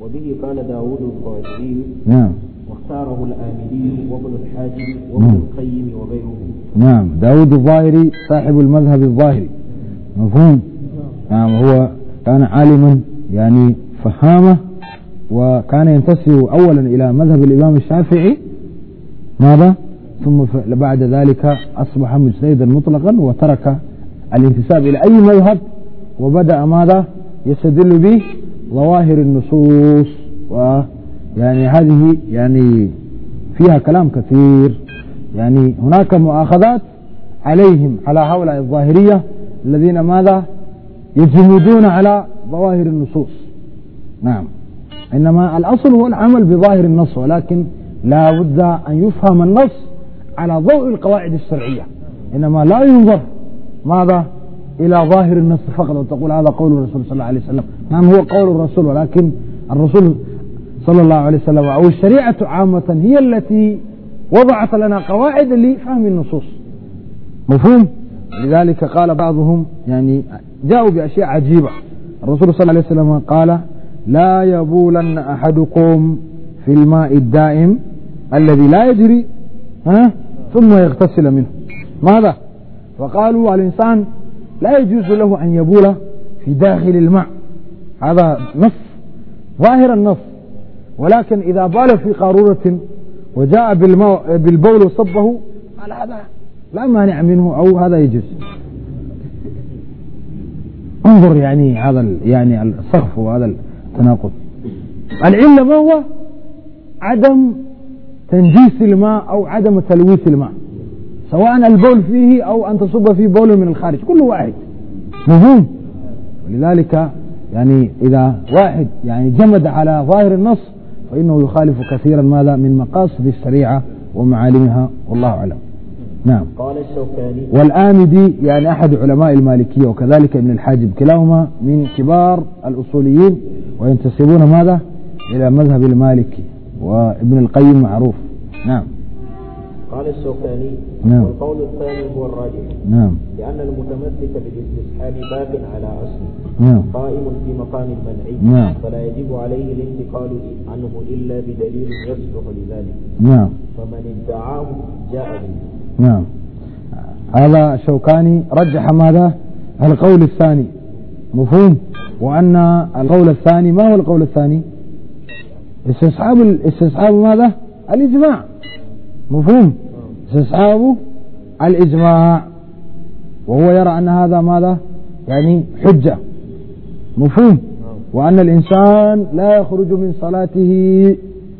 وبه قال داود الطائسي نعم واختاره الآمدي وابن الحاجب وابن نعم. القيم وغيرهم نعم داود الظاهري صاحب المذهب الظاهري مفهوم نعم هو كان عالما يعني فهامة وكان ينتسب أولا إلى مذهب الإمام الشافعي ماذا ثم بعد ذلك أصبح مجتهدا مطلقا وترك الانتساب إلى أي مذهب وبدأ ماذا يستدل به ظواهر النصوص ويعني هذه يعني فيها كلام كثير يعني هناك مؤاخذات عليهم على هؤلاء الظاهرية الذين ماذا يجمدون على ظواهر النصوص نعم إنما الأصل هو العمل بظاهر النص ولكن لا بد أن يفهم النص على ضوء القواعد الشرعية إنما لا ينظر ماذا إلى ظاهر النص فقط وتقول هذا قول الرسول صلى الله عليه وسلم نعم هو قول الرسول ولكن الرسول صلى الله عليه وسلم أو الشريعة عامة هي التي وضعت لنا قواعد لفهم النصوص مفهوم لذلك قال بعضهم يعني جاءوا بأشياء عجيبة الرسول صلى الله عليه وسلم قال لا يبولن أحدكم في الماء الدائم الذي لا يجري ها ثم يغتسل منه ماذا فقالوا الإنسان لا يجوز له أن يبول في داخل الماء هذا نص ظاهر النص ولكن إذا بال في قارورة وجاء بالبول وصبه قال هذا لا مانع منه أو هذا يجوز انظر يعني هذا يعني الصرف وهذا التناقض العلة ما هو عدم تنجيس الماء أو عدم تلويث الماء سواء البول فيه أو أن تصب فيه بول من الخارج كله واحد مفهوم ولذلك يعني إذا واحد يعني جمد على ظاهر النص فإنه يخالف كثيرا ماذا من مقاصد الشريعة ومعالمها والله أعلم نعم قال الشوكاني والآمدي يعني أحد علماء المالكية وكذلك ابن الحاجب كلاهما من كبار الأصوليين وينتسبون ماذا إلى مذهب المالكي وابن القيم معروف نعم قال الشوكاني نعم والقول الثاني هو الراجح نعم لأن المتمسك بالاستسحاب باب على أصله نعم قائم في مقام المنعي نعم فلا يجب عليه الانتقال عنه إلا بدليل يصلح لذلك نعم فمن ادعاه جاء به نعم هذا الشوكاني رجح ماذا؟ القول الثاني مفهوم وأن القول الثاني ما هو القول الثاني؟ استصحاب استصحاب ماذا الإجماع مفهوم استصحاب الإجماع وهو يرى أن هذا ماذا يعني حجة مفهوم وأن الإنسان لا يخرج من صلاته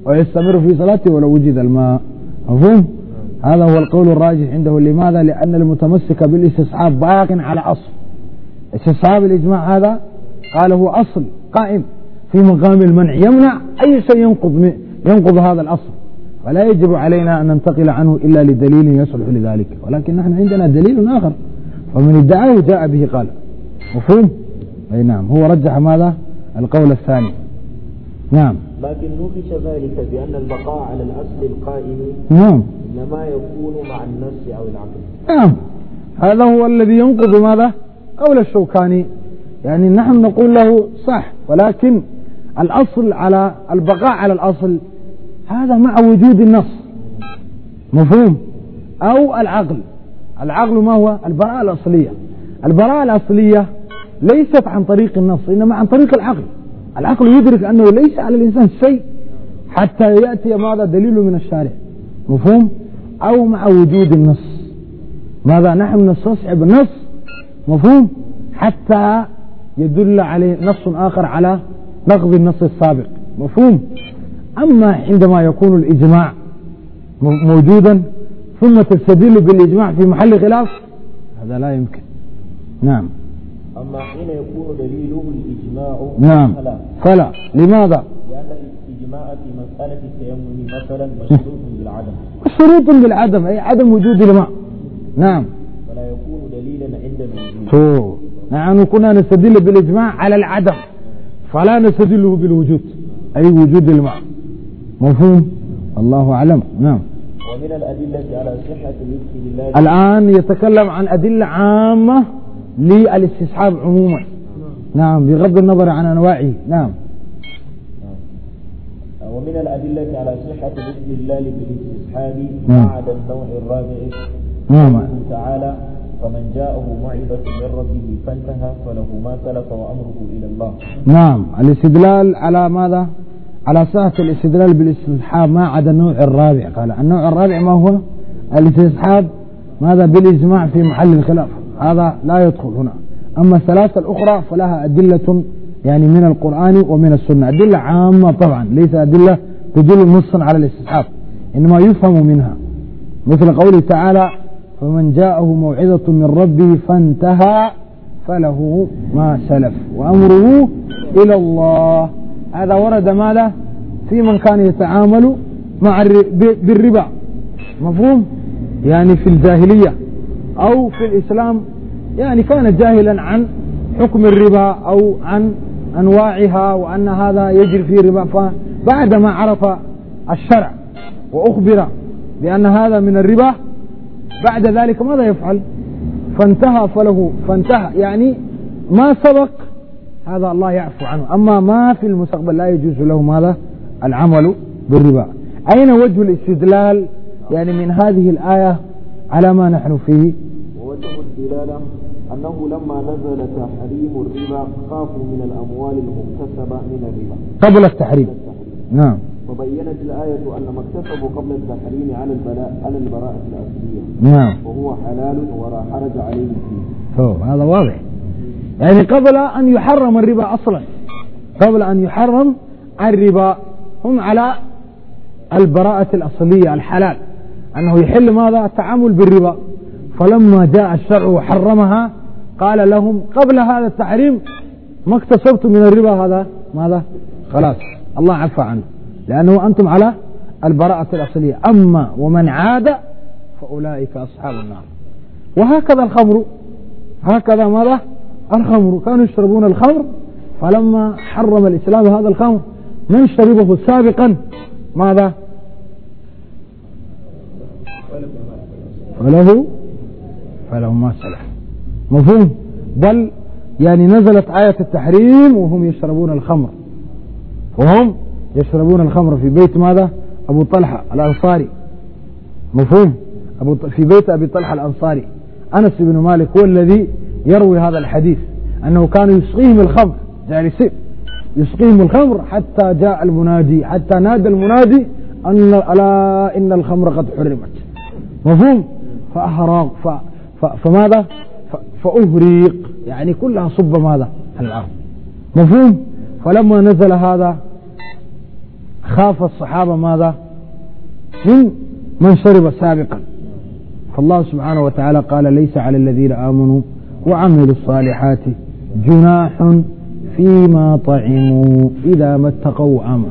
ويستمر في صلاته ولو وجد الماء مفهوم هذا هو القول الراجح عنده لماذا لأن المتمسك بالاستصحاب باق على أصل استصحاب الإجماع هذا قال هو أصل قائم في مقام المنع يمنع أي شيء ينقض ينقض هذا الأصل ولا يجب علينا أن ننتقل عنه إلا لدليل يصلح لذلك ولكن نحن عندنا دليل آخر ومن ادعاه جاء به قال مفهوم أي نعم هو رجح ماذا القول الثاني نعم لكن نوقش ذلك بأن البقاء على الأصل القائم نعم إنما يكون مع النفس أو العقل نعم هذا هو الذي ينقض ماذا قول الشوكاني يعني نحن نقول له صح ولكن الأصل على البقاء على الأصل هذا مع وجود النص مفهوم أو العقل العقل ما هو البراءة الأصلية البراءة الأصلية ليست عن طريق النص إنما عن طريق العقل العقل يدرك أنه ليس على الإنسان شيء حتى يأتي ماذا دليل من الشارع مفهوم أو مع وجود النص ماذا نحن نستصعب النص مفهوم حتى يدل عليه نص آخر على نقض النص السابق مفهوم أما عندما يكون الإجماع موجودا ثم تستدل بالإجماع في محل خلاف هذا لا يمكن نعم أما حين يكون دليله الإجماع نعم فلا, فلا. لماذا؟ لأن الإجماع في مسألة التيمم مثلا مشروط بالعدم مشروط بالعدم أي عدم وجود الماء نعم فلا يكون دليلا عند الوجود نعم كنا نستدل بالإجماع على العدم فلا نستدله بالوجود أي وجود الماء مفهوم الله أعلم نعم ومن الأدلة على صحة الله الآن يتكلم عن أدلة عامة للاستصحاب عموما نعم بغض النظر عن أنواعه نعم ومن الأدلة على صحة الاستدلال بالاستصحاب نعم. بعد النوع الرابع نعم تعالى فمن جاءه موعظة من ربه فانتهى فله ما سلف وأمره إلى الله نعم الاستدلال على ماذا؟ على صحة الاستدلال بالاستصحاب ما عدا النوع الرابع قال النوع الرابع ما هو؟ الاستصحاب ماذا بالإجماع في محل الخلاف هذا لا يدخل هنا أما الثلاثة الأخرى فلها أدلة يعني من القرآن ومن السنة أدلة عامة طبعا ليس أدلة تدل نصا على الاستصحاب إنما يفهم منها مثل قوله تعالى فمن جاءه موعظة من ربه فانتهى فله ما سلف وأمره إلى الله هذا ورد ماذا في من كان يتعامل مع بالربا مفهوم يعني في الجاهلية أو في الإسلام يعني كان جاهلا عن حكم الربا أو عن أنواعها وأن هذا يجري في ربا فبعد ما عرف الشرع وأخبر بأن هذا من الربا بعد ذلك ماذا يفعل فانتهى فله فانتهى يعني ما سبق هذا الله يعفو عنه أما ما في المستقبل لا يجوز له ماذا العمل بالربا أين وجه الاستدلال يعني من هذه الآية على ما نحن فيه ووجه الاستدلال أنه لما نزل تحريم الربا خافوا من الأموال المكتسبة من الربا قبل التحريم, قبل التحريم. نعم وبينت الآية أن ما اكتسبوا قبل التحريم على البلاء على البراءة الأصلية نعم وهو حلال ولا حرج عليه فيه أوه. هذا واضح يعني قبل أن يحرم الربا أصلا قبل أن يحرم الربا هم على البراءة الأصلية الحلال أنه يحل ماذا التعامل بالربا فلما جاء الشرع وحرمها قال لهم قبل هذا التحريم ما اكتسبتم من الربا هذا ماذا خلاص الله عفى عنه لأنه أنتم على البراءة الأصلية أما ومن عاد فأولئك أصحاب النار وهكذا الخمر هكذا ماذا الخمر كانوا يشربون الخمر فلما حرم الإسلام هذا الخمر من شربه سابقا ماذا فله فله ما سلح مفهوم بل يعني نزلت آية التحريم وهم يشربون الخمر وهم يشربون الخمر في بيت ماذا أبو طلحة الأنصاري مفهوم أبو في بيت أبي طلحة الأنصاري أنس بن مالك هو الذي يروي هذا الحديث أنه كان يسقيهم الخمر جالسين يسقيهم الخمر حتى جاء المنادي حتى نادى المنادي أن ألا إن الخمر قد حرمت مفهوم فأحرق ف... ف... فماذا ف... فأهريق يعني كلها صب ماذا الأرض مفهوم فلما نزل هذا خاف الصحابة ماذا من من شرب سابقا فالله سبحانه وتعالى قال ليس على الذين آمنوا وعملوا الصالحات جناح فيما طعموا إذا ما اتقوا وآمنوا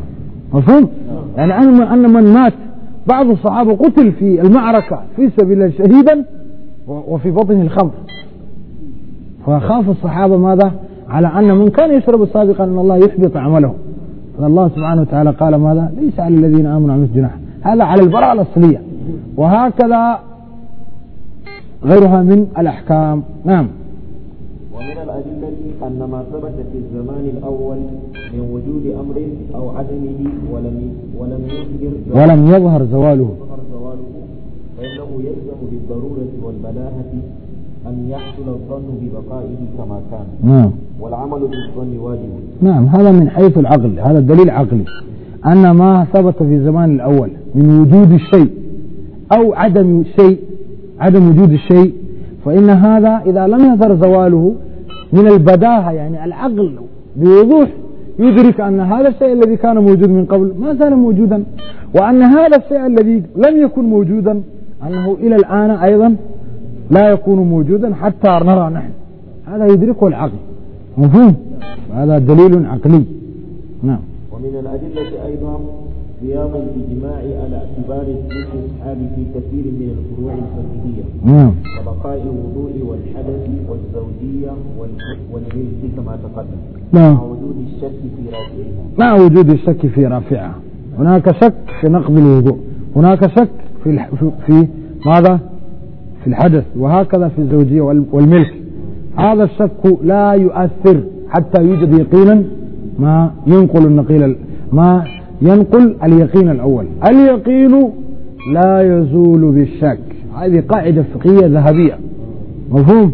مفهوم؟ يعني أن من مات بعض الصحابة قتل في المعركة في سبيل الله شهيدا وفي بطنه الخمر فخاف الصحابة ماذا على أن من كان يشرب سابقا أن الله يحبط عمله فالله سبحانه وتعالى قال ماذا ليس على الذين آمنوا عملوا جناح هذا على البراءة الأصلية وهكذا غيرها من الأحكام نعم ومن الأدلة أن ما ثبت في الزمان الأول من وجود أمر أو عدمه ولم ولم يظهر ولم يظهر زواله فإنه يلزم بالضرورة والبلاهة أن يحصل الظن ببقائه كما كان نعم والعمل بالظن واجب نعم هذا من حيث العقل هذا دليل عقلي أن ما ثبت في الزمان الأول من وجود الشيء أو عدم الشيء عدم وجود الشيء فإن هذا إذا لم يظهر زواله من البداهة يعني العقل بوضوح يدرك أن هذا الشيء الذي كان موجود من قبل ما زال موجودا وأن هذا الشيء الذي لم يكن موجودا أنه إلى الآن أيضا لا يكون موجودا حتى نرى نحن هذا يدركه العقل مفهوم هذا دليل عقلي نعم ومن الأدلة أيضا قيام الإجماع على اعتبار الذكر الحال في كثير من الفروع الفقهية نعم. وبقاء الوضوء والحدث والزوجية والجنس كما تقدم نعم. مع وجود الشك في رافعها مع وجود الشك في رافعها هناك شك في نقض الوضوء هناك شك في في ماذا؟ في الحدث وهكذا في الزوجية والملك هذا الشك لا يؤثر حتى يوجد يقينا ما ينقل النقيل ما ينقل اليقين الأول اليقين لا يزول بالشك هذه قاعدة فقهية ذهبية مفهوم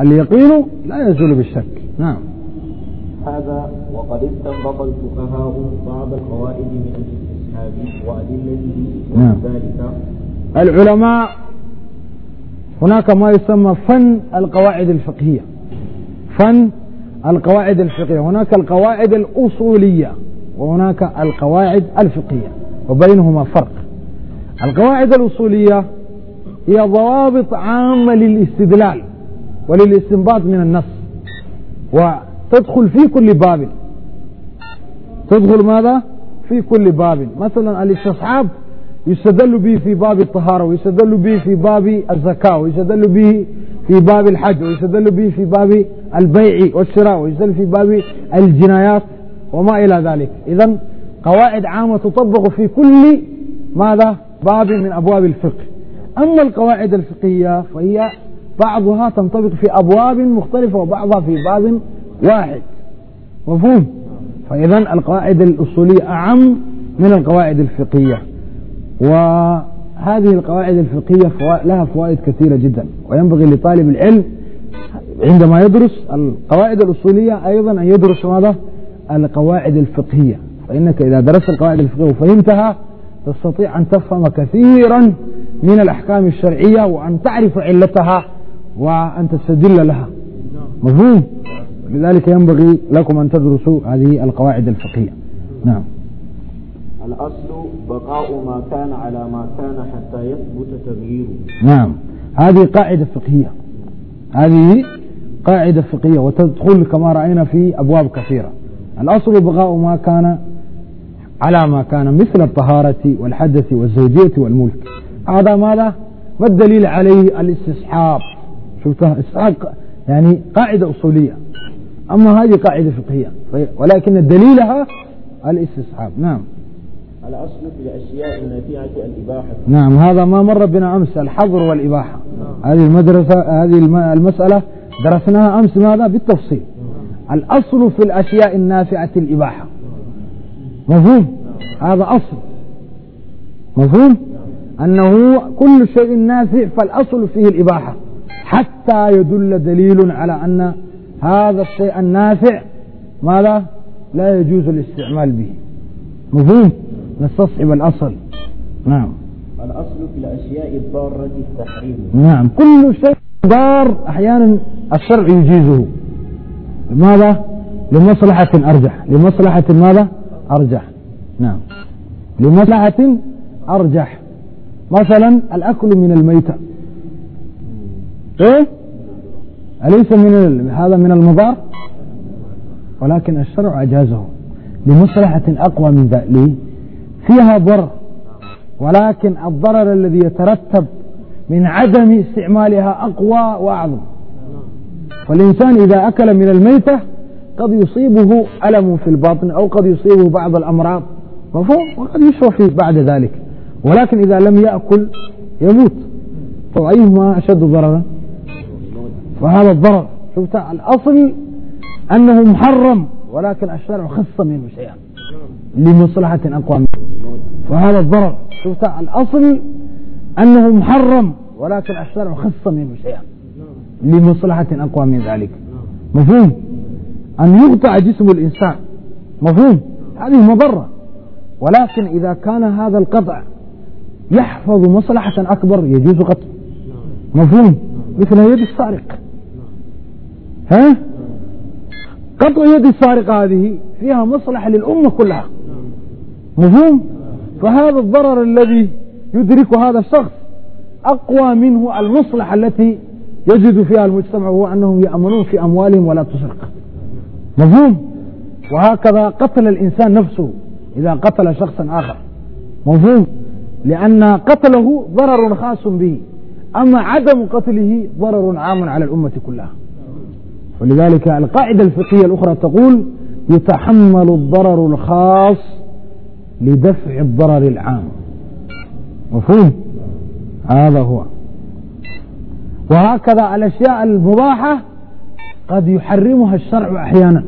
اليقين لا يزول بالشك نعم هذا وقد استنبط الفقهاء بعض القواعد من الاستسهام وأدلته نعم. ذلك العلماء هناك ما يسمى فن القواعد الفقهية فن القواعد الفقهية هناك القواعد الأصولية وهناك القواعد الفقهية وبينهما فرق القواعد الأصولية هي ضوابط عامة للاستدلال وللاستنباط من النص وتدخل في كل باب تدخل ماذا؟ في كل باب مثلا الاستصحاب يستدل به في باب الطهارة ويستدل به في باب الزكاة ويستدل به في باب الحج ويستدل به في باب البيع والشراء ويستدل في باب الجنايات وما إلى ذلك إذا قواعد عامة تطبق في كل ماذا باب من أبواب الفقه أما القواعد الفقهية فهي بعضها تنطبق في أبواب مختلفة وبعضها في باب واحد مفهوم فإذا القواعد الأصولية أعم من القواعد الفقهية وهذه القواعد الفقهية لها فوائد كثيرة جدا وينبغي لطالب العلم عندما يدرس القواعد الأصولية أيضا أن يدرس ماذا القواعد الفقهية فإنك إذا درست القواعد الفقهية وفهمتها تستطيع أن تفهم كثيرا من الأحكام الشرعية وأن تعرف علتها وأن تستدل لها مفهوم لذلك ينبغي لكم أن تدرسوا هذه القواعد الفقهية نعم الأصل بقاء ما كان على ما كان حتى يثبت تغييره نعم هذه قاعدة فقهية هذه قاعدة فقهية وتدخل كما رأينا في أبواب كثيرة الأصل بقاء ما كان على ما كان مثل الطهارة والحدث والزوجية والملك هذا ماذا؟ ما الدليل عليه الاستصحاب شفتها اسحاق يعني قاعدة أصولية أما هذه قاعدة فقهية ولكن دليلها الاستصحاب نعم الأصل في الأشياء النافعة الإباحة نعم هذا ما مر بنا أمس الحظر والإباحة نعم. هذه المدرسة هذه المسألة درسناها أمس ماذا بالتفصيل نعم. الأصل في الأشياء النافعة الإباحة نعم. مفهوم هذا أصل مفهوم أنه كل شيء نافع فالأصل فيه الإباحة حتى يدل دليل على أن هذا الشيء النافع ماذا لا يجوز الاستعمال به مفهوم نستصعب الأصل نعم الأصل في الأشياء الضارة التحريم نعم كل شيء ضار أحيانا الشرع يجيزه لماذا؟ لمصلحة أرجح لمصلحة ماذا؟ أرجح نعم لمصلحة أرجح مثلا الأكل من الميتة إيه؟ أليس من ال... هذا من المضار؟ ولكن الشرع أجازه لمصلحة أقوى من ذلك فيها ضرر ولكن الضرر الذي يترتب من عدم استعمالها أقوى وأعظم فالإنسان إذا أكل من الميتة قد يصيبه ألم في البطن أو قد يصيبه بعض الأمراض مفهوم وقد يشفى بعد ذلك ولكن إذا لم يأكل يموت فأيهما طيب، أشد ضررا فهذا الضرر شفت الأصل أنه محرم ولكن الشرع خص منه شيئا لمصلحة أقوى وهذا الضرر شفت الأصل أنه محرم ولكن الشرع خص منه شيئا لمصلحة أقوى من ذلك مفهوم أن يقطع جسم الإنسان مفهوم هذه مضرة ولكن إذا كان هذا القطع يحفظ مصلحة أكبر يجوز قطع مفهوم مثل يد السارق ها قطع يد السارق هذه فيها مصلحة للأمة كلها مفهوم فهذا الضرر الذي يدرك هذا الشخص أقوى منه المصلحة التي يجد فيها المجتمع هو أنهم يأمنون في أموالهم ولا تسرق مفهوم وهكذا قتل الإنسان نفسه إذا قتل شخصا آخر مفهوم لأن قتله ضرر خاص به أما عدم قتله ضرر عام على الأمة كلها ولذلك القاعدة الفقهية الأخرى تقول يتحمل الضرر الخاص لدفع الضرر العام مفهوم هذا هو وهكذا الأشياء المباحة قد يحرمها الشرع أحيانا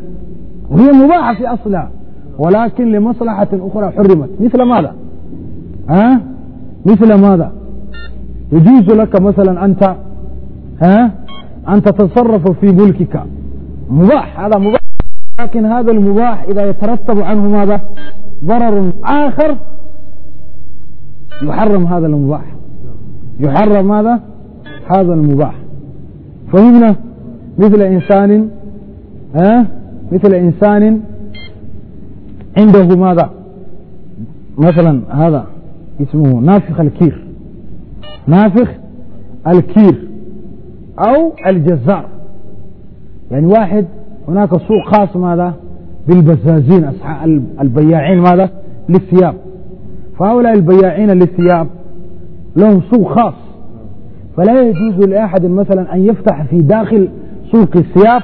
وهي مباحة في أصلها ولكن لمصلحة أخرى حرمت مثل ماذا ها أه؟ مثل ماذا يجوز لك مثلا أنت ها أه؟ أن تتصرف في ملكك مباح هذا مباح لكن هذا المباح إذا يترتب عنه ماذا ضرر آخر يحرم هذا المباح يحرم ماذا هذا المباح فهمنا مثل إنسان أه؟ مثل إنسان عنده ماذا مثلا هذا اسمه نافخ الكير نافخ الكير أو الجزار يعني واحد هناك سوق خاص ماذا بالبزازين أصحاب البياعين ماذا للثياب فهؤلاء البياعين للثياب لهم سوق خاص فلا يجوز لأحد مثلا أن يفتح في داخل سوق الثياب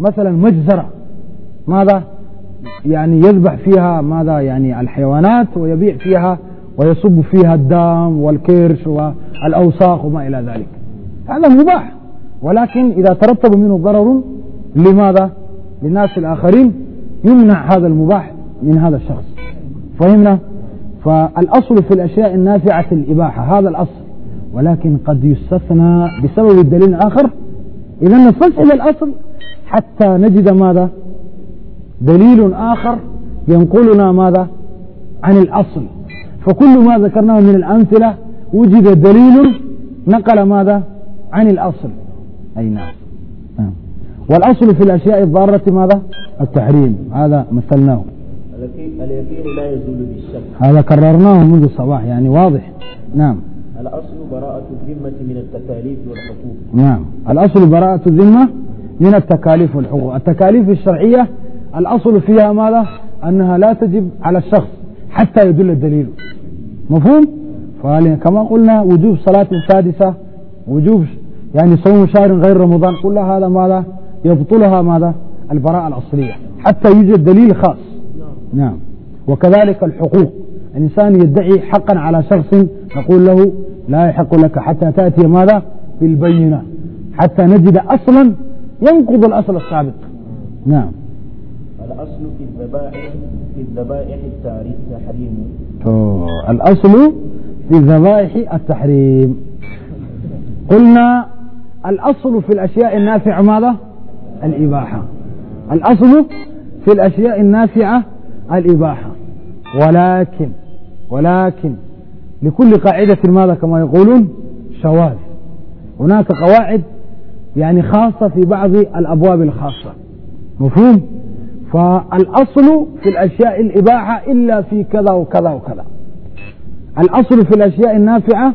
مثلا مجزرة ماذا يعني يذبح فيها ماذا يعني الحيوانات ويبيع فيها ويصب فيها الدم والكرش والأوساخ وما إلى ذلك هذا مباح ولكن إذا ترتب منه ضرر لماذا؟ للناس الآخرين يمنع هذا المباح من هذا الشخص فهمنا؟ فالأصل في الأشياء النافعة الإباحة هذا الأصل ولكن قد يستثنى بسبب الدليل الآخر إذا نصل إلى الأصل حتى نجد ماذا دليل آخر ينقلنا ماذا عن الأصل فكل ما ذكرناه من الأمثلة وجد دليل نقل ماذا عن الأصل أي نعم. نعم والأصل في الأشياء الضارة ماذا التحريم هذا مثلناه اليقين لا يزول بالشك هذا كررناه منذ الصباح يعني واضح نعم الأصل براءة الذمة من التكاليف والحقوق نعم الأصل براءة الذمة من التكاليف والحقوق التكاليف الشرعية الأصل فيها ماذا أنها لا تجب على الشخص حتى يدل الدليل مفهوم فكما قلنا وجوب صلاة سادسة وجوب يعني صوم شهر غير رمضان كل هذا ماذا يبطلها ماذا البراءة الأصلية حتى يوجد دليل خاص نعم وكذلك الحقوق الإنسان يدعي حقا على شخص نقول له لا يحق لك حتى تأتي ماذا بالبينة حتى نجد أصلا ينقض الأصل السابق نعم الأصل في الذبائح في الذبائح التحريم الأصل في الذبائح التحريم قلنا الأصل في الأشياء النافعة ماذا الإباحة الأصل في الأشياء النافعة الإباحة ولكن ولكن لكل قاعدة ماذا كما يقولون شواذ هناك قواعد يعني خاصة في بعض الأبواب الخاصة مفهوم فالأصل في الأشياء الإباحة إلا في كذا وكذا وكذا الأصل في الأشياء النافعة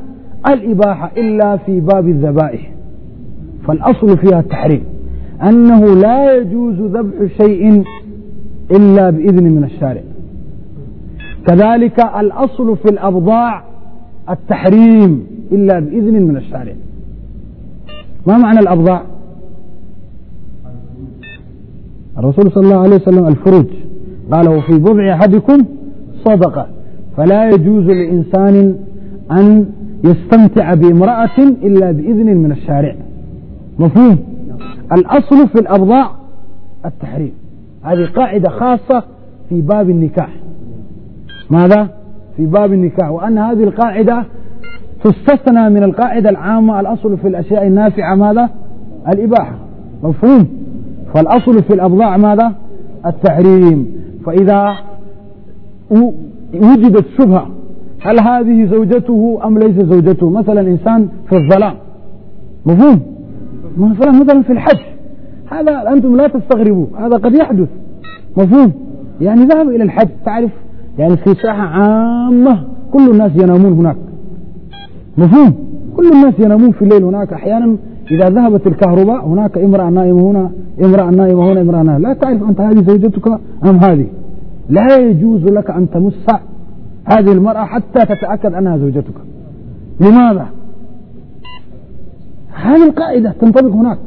الإباحة إلا في باب الذبائح فالأصل فيها التحريم أنه لا يجوز ذبح شيء إلا بإذن من الشارع كذلك الأصل في الأبضاع التحريم إلا بإذن من الشارع ما معنى الأبضاع الرسول صلى الله عليه وسلم الفروج قال وفي بضع أحدكم صدقة فلا يجوز لإنسان أن يستمتع بامرأة إلا بإذن من الشارع مفهوم الأصل في الأبضاع التحريم هذه قاعدة خاصة في باب النكاح ماذا؟ في باب النكاح وأن هذه القاعدة تستثنى من القاعدة العامة الأصل في الأشياء النافعة ماذا؟ الإباحة مفهوم؟ فالأصل في الأبضاع ماذا؟ التحريم فإذا وجدت شبهة هل هذه زوجته أم ليس زوجته مثلا إنسان في الظلام مفهوم مثلا مثلا في الحج هذا أنتم لا تستغربوا هذا قد يحدث مفهوم يعني ذهبوا إلى الحج تعرف يعني في ساحة عامة كل الناس ينامون هناك مفهوم كل الناس ينامون في الليل هناك أحيانا إذا ذهبت الكهرباء هناك امرأة نائمة هنا امرأة نائمة هنا امرأة نائمة لا تعرف أنت هذه زوجتك أم هذه لا يجوز لك أن تمس هذه المرأة حتى تتأكد أنها زوجتك لماذا؟ هذه القاعدة تنطبق هناك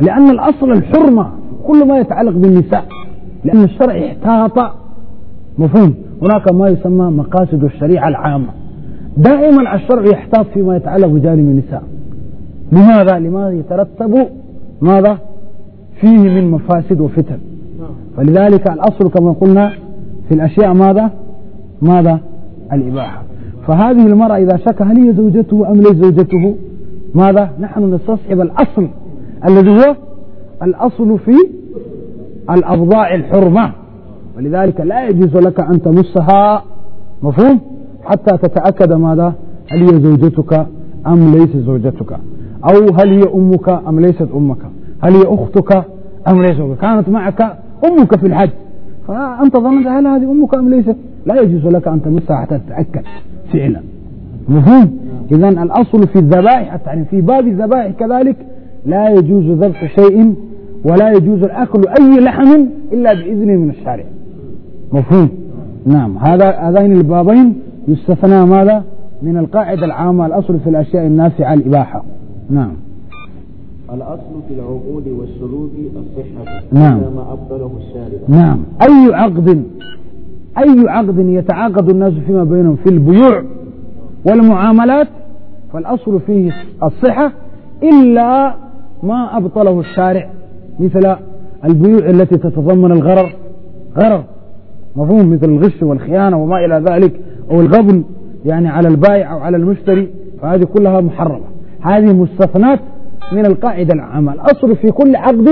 لأن الأصل الحرمة كل ما يتعلق بالنساء لأن الشرع احتاط مفهوم هناك ما يسمى مقاصد الشريعة العامة دائما الشرع يحتاط فيما يتعلق بجانب النساء لماذا؟ لماذا يترتب ماذا؟ فيه من مفاسد وفتن فلذلك الأصل كما قلنا في الأشياء ماذا؟ ماذا؟ الإباحة فهذه المرأة إذا شك هل هي زوجته أم ليست زوجته؟ ماذا نحن نستصحب الأصل الذي هو الأصل في الأبضاع الحرمة ولذلك لا يجوز لك أن تمسها مفهوم حتى تتأكد ماذا هل هي زوجتك أم ليس زوجتك أو هل هي أمك أم ليست أمك هل هي أختك أم ليست أمك كانت معك أمك في الحج فأنت ظننت هل هذه أمك أم ليست لا يجوز لك أن تمسها حتى تتأكد فعلا مفهوم إذا الأصل في الذبائح يعني في باب الذبائح كذلك لا يجوز ذبح شيء ولا يجوز الأكل أي لحم إلا بإذن من الشارع مفهوم نعم هذا هذين البابين يستثنى ماذا من القاعدة العامة الأصل في الأشياء النافعة الإباحة نعم الأصل في العقود والشروط الصحة نعم ما أبطله الشارع نعم أي عقد أي عقد يتعاقد الناس فيما بينهم في البيوع والمعاملات فالأصل فيه الصحة إلا ما أبطله الشارع مثل البيوع التي تتضمن الغرر غرر مفهوم مثل الغش والخيانة وما إلى ذلك أو الغبن يعني على البائع أو على المشتري فهذه كلها محرمة هذه مستثنات من القاعدة العامة الأصل في كل عقد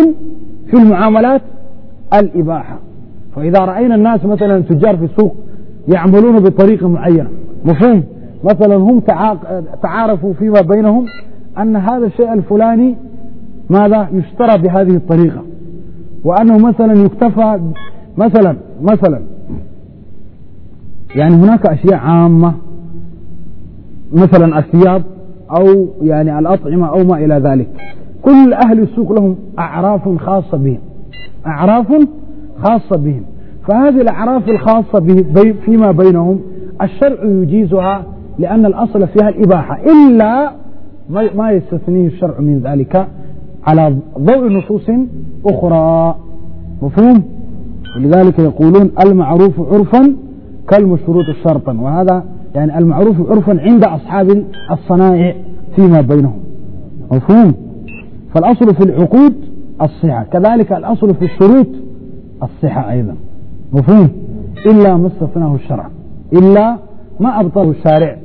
في المعاملات الإباحة فإذا رأينا الناس مثلا تجار في السوق يعملون بطريقة معينة مفهوم مثلا هم تعارفوا فيما بينهم أن هذا الشيء الفلاني ماذا يشترى بهذه الطريقة وأنه مثلا يكتفى مثلا مثلا يعني هناك أشياء عامة مثلا الثياب أو يعني الأطعمة أو ما إلى ذلك كل أهل السوق لهم أعراف خاصة بهم أعراف خاصة بهم فهذه الأعراف الخاصة فيما بينهم الشرع يجيزها لأن الأصل فيها الإباحة إلا ما يستثنيه الشرع من ذلك على ضوء نصوص أخرى مفهوم ولذلك يقولون المعروف عرفا كالمشروط شرطا وهذا يعني المعروف عرفا عند أصحاب الصنائع فيما بينهم مفهوم فالأصل في العقود الصحة كذلك الأصل في الشروط الصحة أيضا مفهوم إلا ما استثناه الشرع إلا ما أبطله الشارع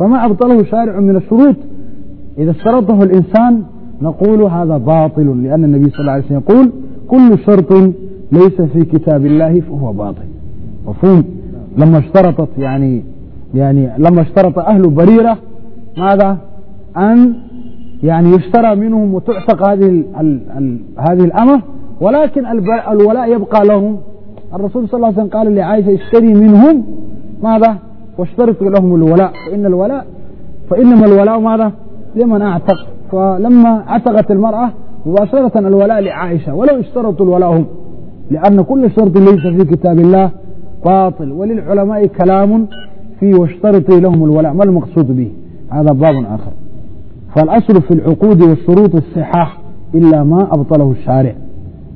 فما أبطله شارع من الشروط إذا اشترطه الإنسان نقول هذا باطل لأن النبي صلى الله عليه وسلم يقول كل شرط ليس في كتاب الله فهو باطل مفهوم لما اشترطت يعني يعني لما اشترط أهل بريرة ماذا أن يعني يشترى منهم وتعتق هذه الـ الـ الـ هذه الأمة ولكن الولاء يبقى لهم الرسول صلى الله عليه وسلم قال لعائشة اشتري منهم ماذا واشترطوا لهم الولاء فإن الولاء فإنما الولاء ماذا لمن أعتق فلما عتقت المرأة مباشرة الولاء لعائشة ولو اشترطوا الولاء هم لأن كل شرط ليس في كتاب الله باطل وللعلماء كلام في واشترط لهم الولاء ما المقصود به هذا باب آخر فالأصل في العقود والشروط الصحاح إلا ما أبطله الشارع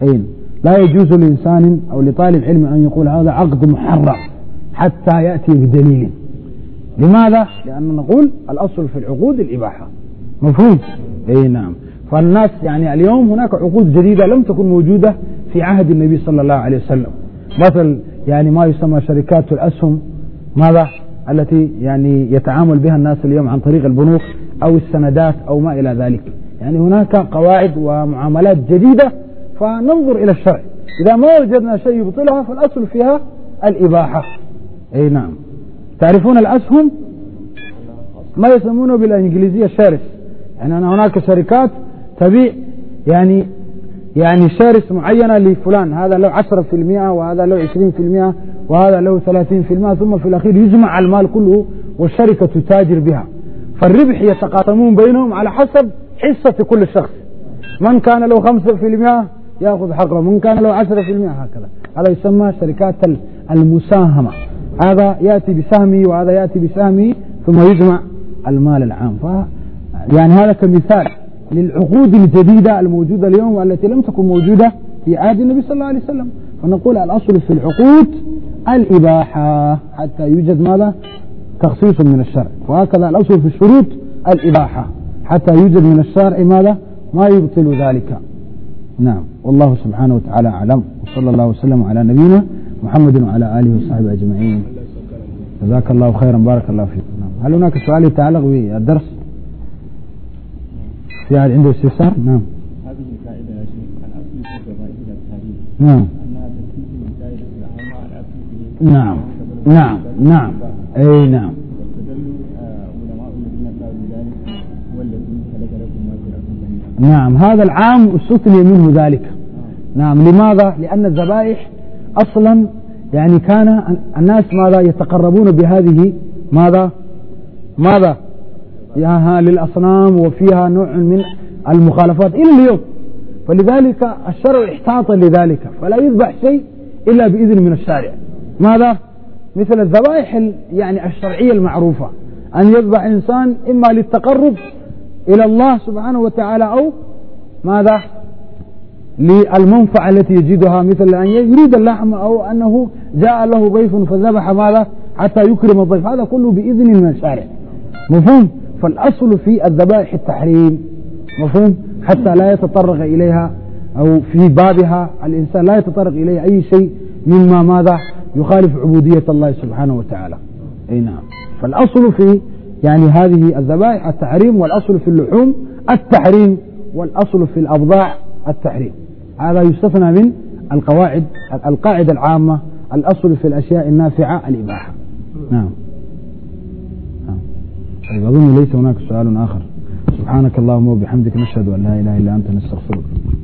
أين لا يجوز لإنسان أو لطالب علم أن يقول هذا عقد محرم حتى يأتي بدليل لماذا؟ لأن نقول الأصل في العقود الإباحة مفهوم؟ أي نعم فالناس يعني اليوم هناك عقود جديدة لم تكن موجودة في عهد النبي صلى الله عليه وسلم مثل يعني ما يسمى شركات الأسهم ماذا؟ التي يعني يتعامل بها الناس اليوم عن طريق البنوك أو السندات أو ما إلى ذلك يعني هناك قواعد ومعاملات جديدة فننظر إلى الشرع إذا ما وجدنا شيء يبطلها فالأصل فيها الإباحة أي نعم تعرفون الأسهم ما يسمونه بالإنجليزية شرس يعني أن هناك شركات تبيع يعني يعني شرس معينة لفلان هذا له 10% وهذا له 20% وهذا له 30% ثم في الأخير يجمع المال كله والشركة تتاجر بها فالربح يتقاسمون بينهم على حسب حصة كل شخص من كان له 5% يأخذ حقه من كان له 10% هكذا هذا يسمى شركات المساهمة هذا يأتي بسهمه وهذا يأتي بسهمه ثم يجمع المال العام ف يعني هذا كمثال للعقود الجديدة الموجودة اليوم والتي لم تكن موجودة في عهد النبي صلى الله عليه وسلم فنقول الأصل في العقود الإباحة حتى يوجد ماذا تخصيص من الشرع وهكذا الأصل في الشروط الإباحة حتى يوجد من الشرع ماذا ما يبطل ذلك نعم والله سبحانه وتعالى أعلم وصلى الله وسلم على نبينا محمد وعلى آله وصحبه أجمعين جزاك الله خيرا بارك الله فيك هل هناك سؤال يتعلق بالدرس في أحد عنده استفسار نعم هذه القاعدة يا شيخ الأصل في الرأي التاريخ نعم أنها على أصله نعم نعم نعم أي نعم آه، نعم هذا العام استثني منه ذلك آه. نعم لماذا لأن الذبائح أصلا يعني كان الناس ماذا يتقربون بهذه ماذا ماذا ياها للأصنام وفيها نوع من المخالفات إلى اليوم فلذلك الشرع احتاط لذلك فلا يذبح شيء إلا بإذن من الشارع ماذا مثل الذبائح يعني الشرعية المعروفة أن يذبح إنسان إما للتقرب إلى الله سبحانه وتعالى أو ماذا للمنفعة التي يجدها مثل أن يريد اللحم أو أنه جاء له ضيف فذبح ماذا حتى يكرم الضيف هذا كله بإذن من الشارع مفهوم فالأصل في الذبائح التحريم مفهوم حتى لا يتطرق إليها أو في بابها الإنسان لا يتطرق إليه أي شيء مما ماذا يخالف عبودية الله سبحانه وتعالى أي نعم فالأصل في يعني هذه الذبائح التحريم والأصل في اللحوم التحريم والأصل في الأبضاع التحريم هذا يستثنى من القواعد القاعدة العامة الأصل في الأشياء النافعة الإباحة نعم. نعم طيب أظن ليس هناك سؤال آخر سبحانك اللهم وبحمدك نشهد أن لا إله إلا أنت نستغفرك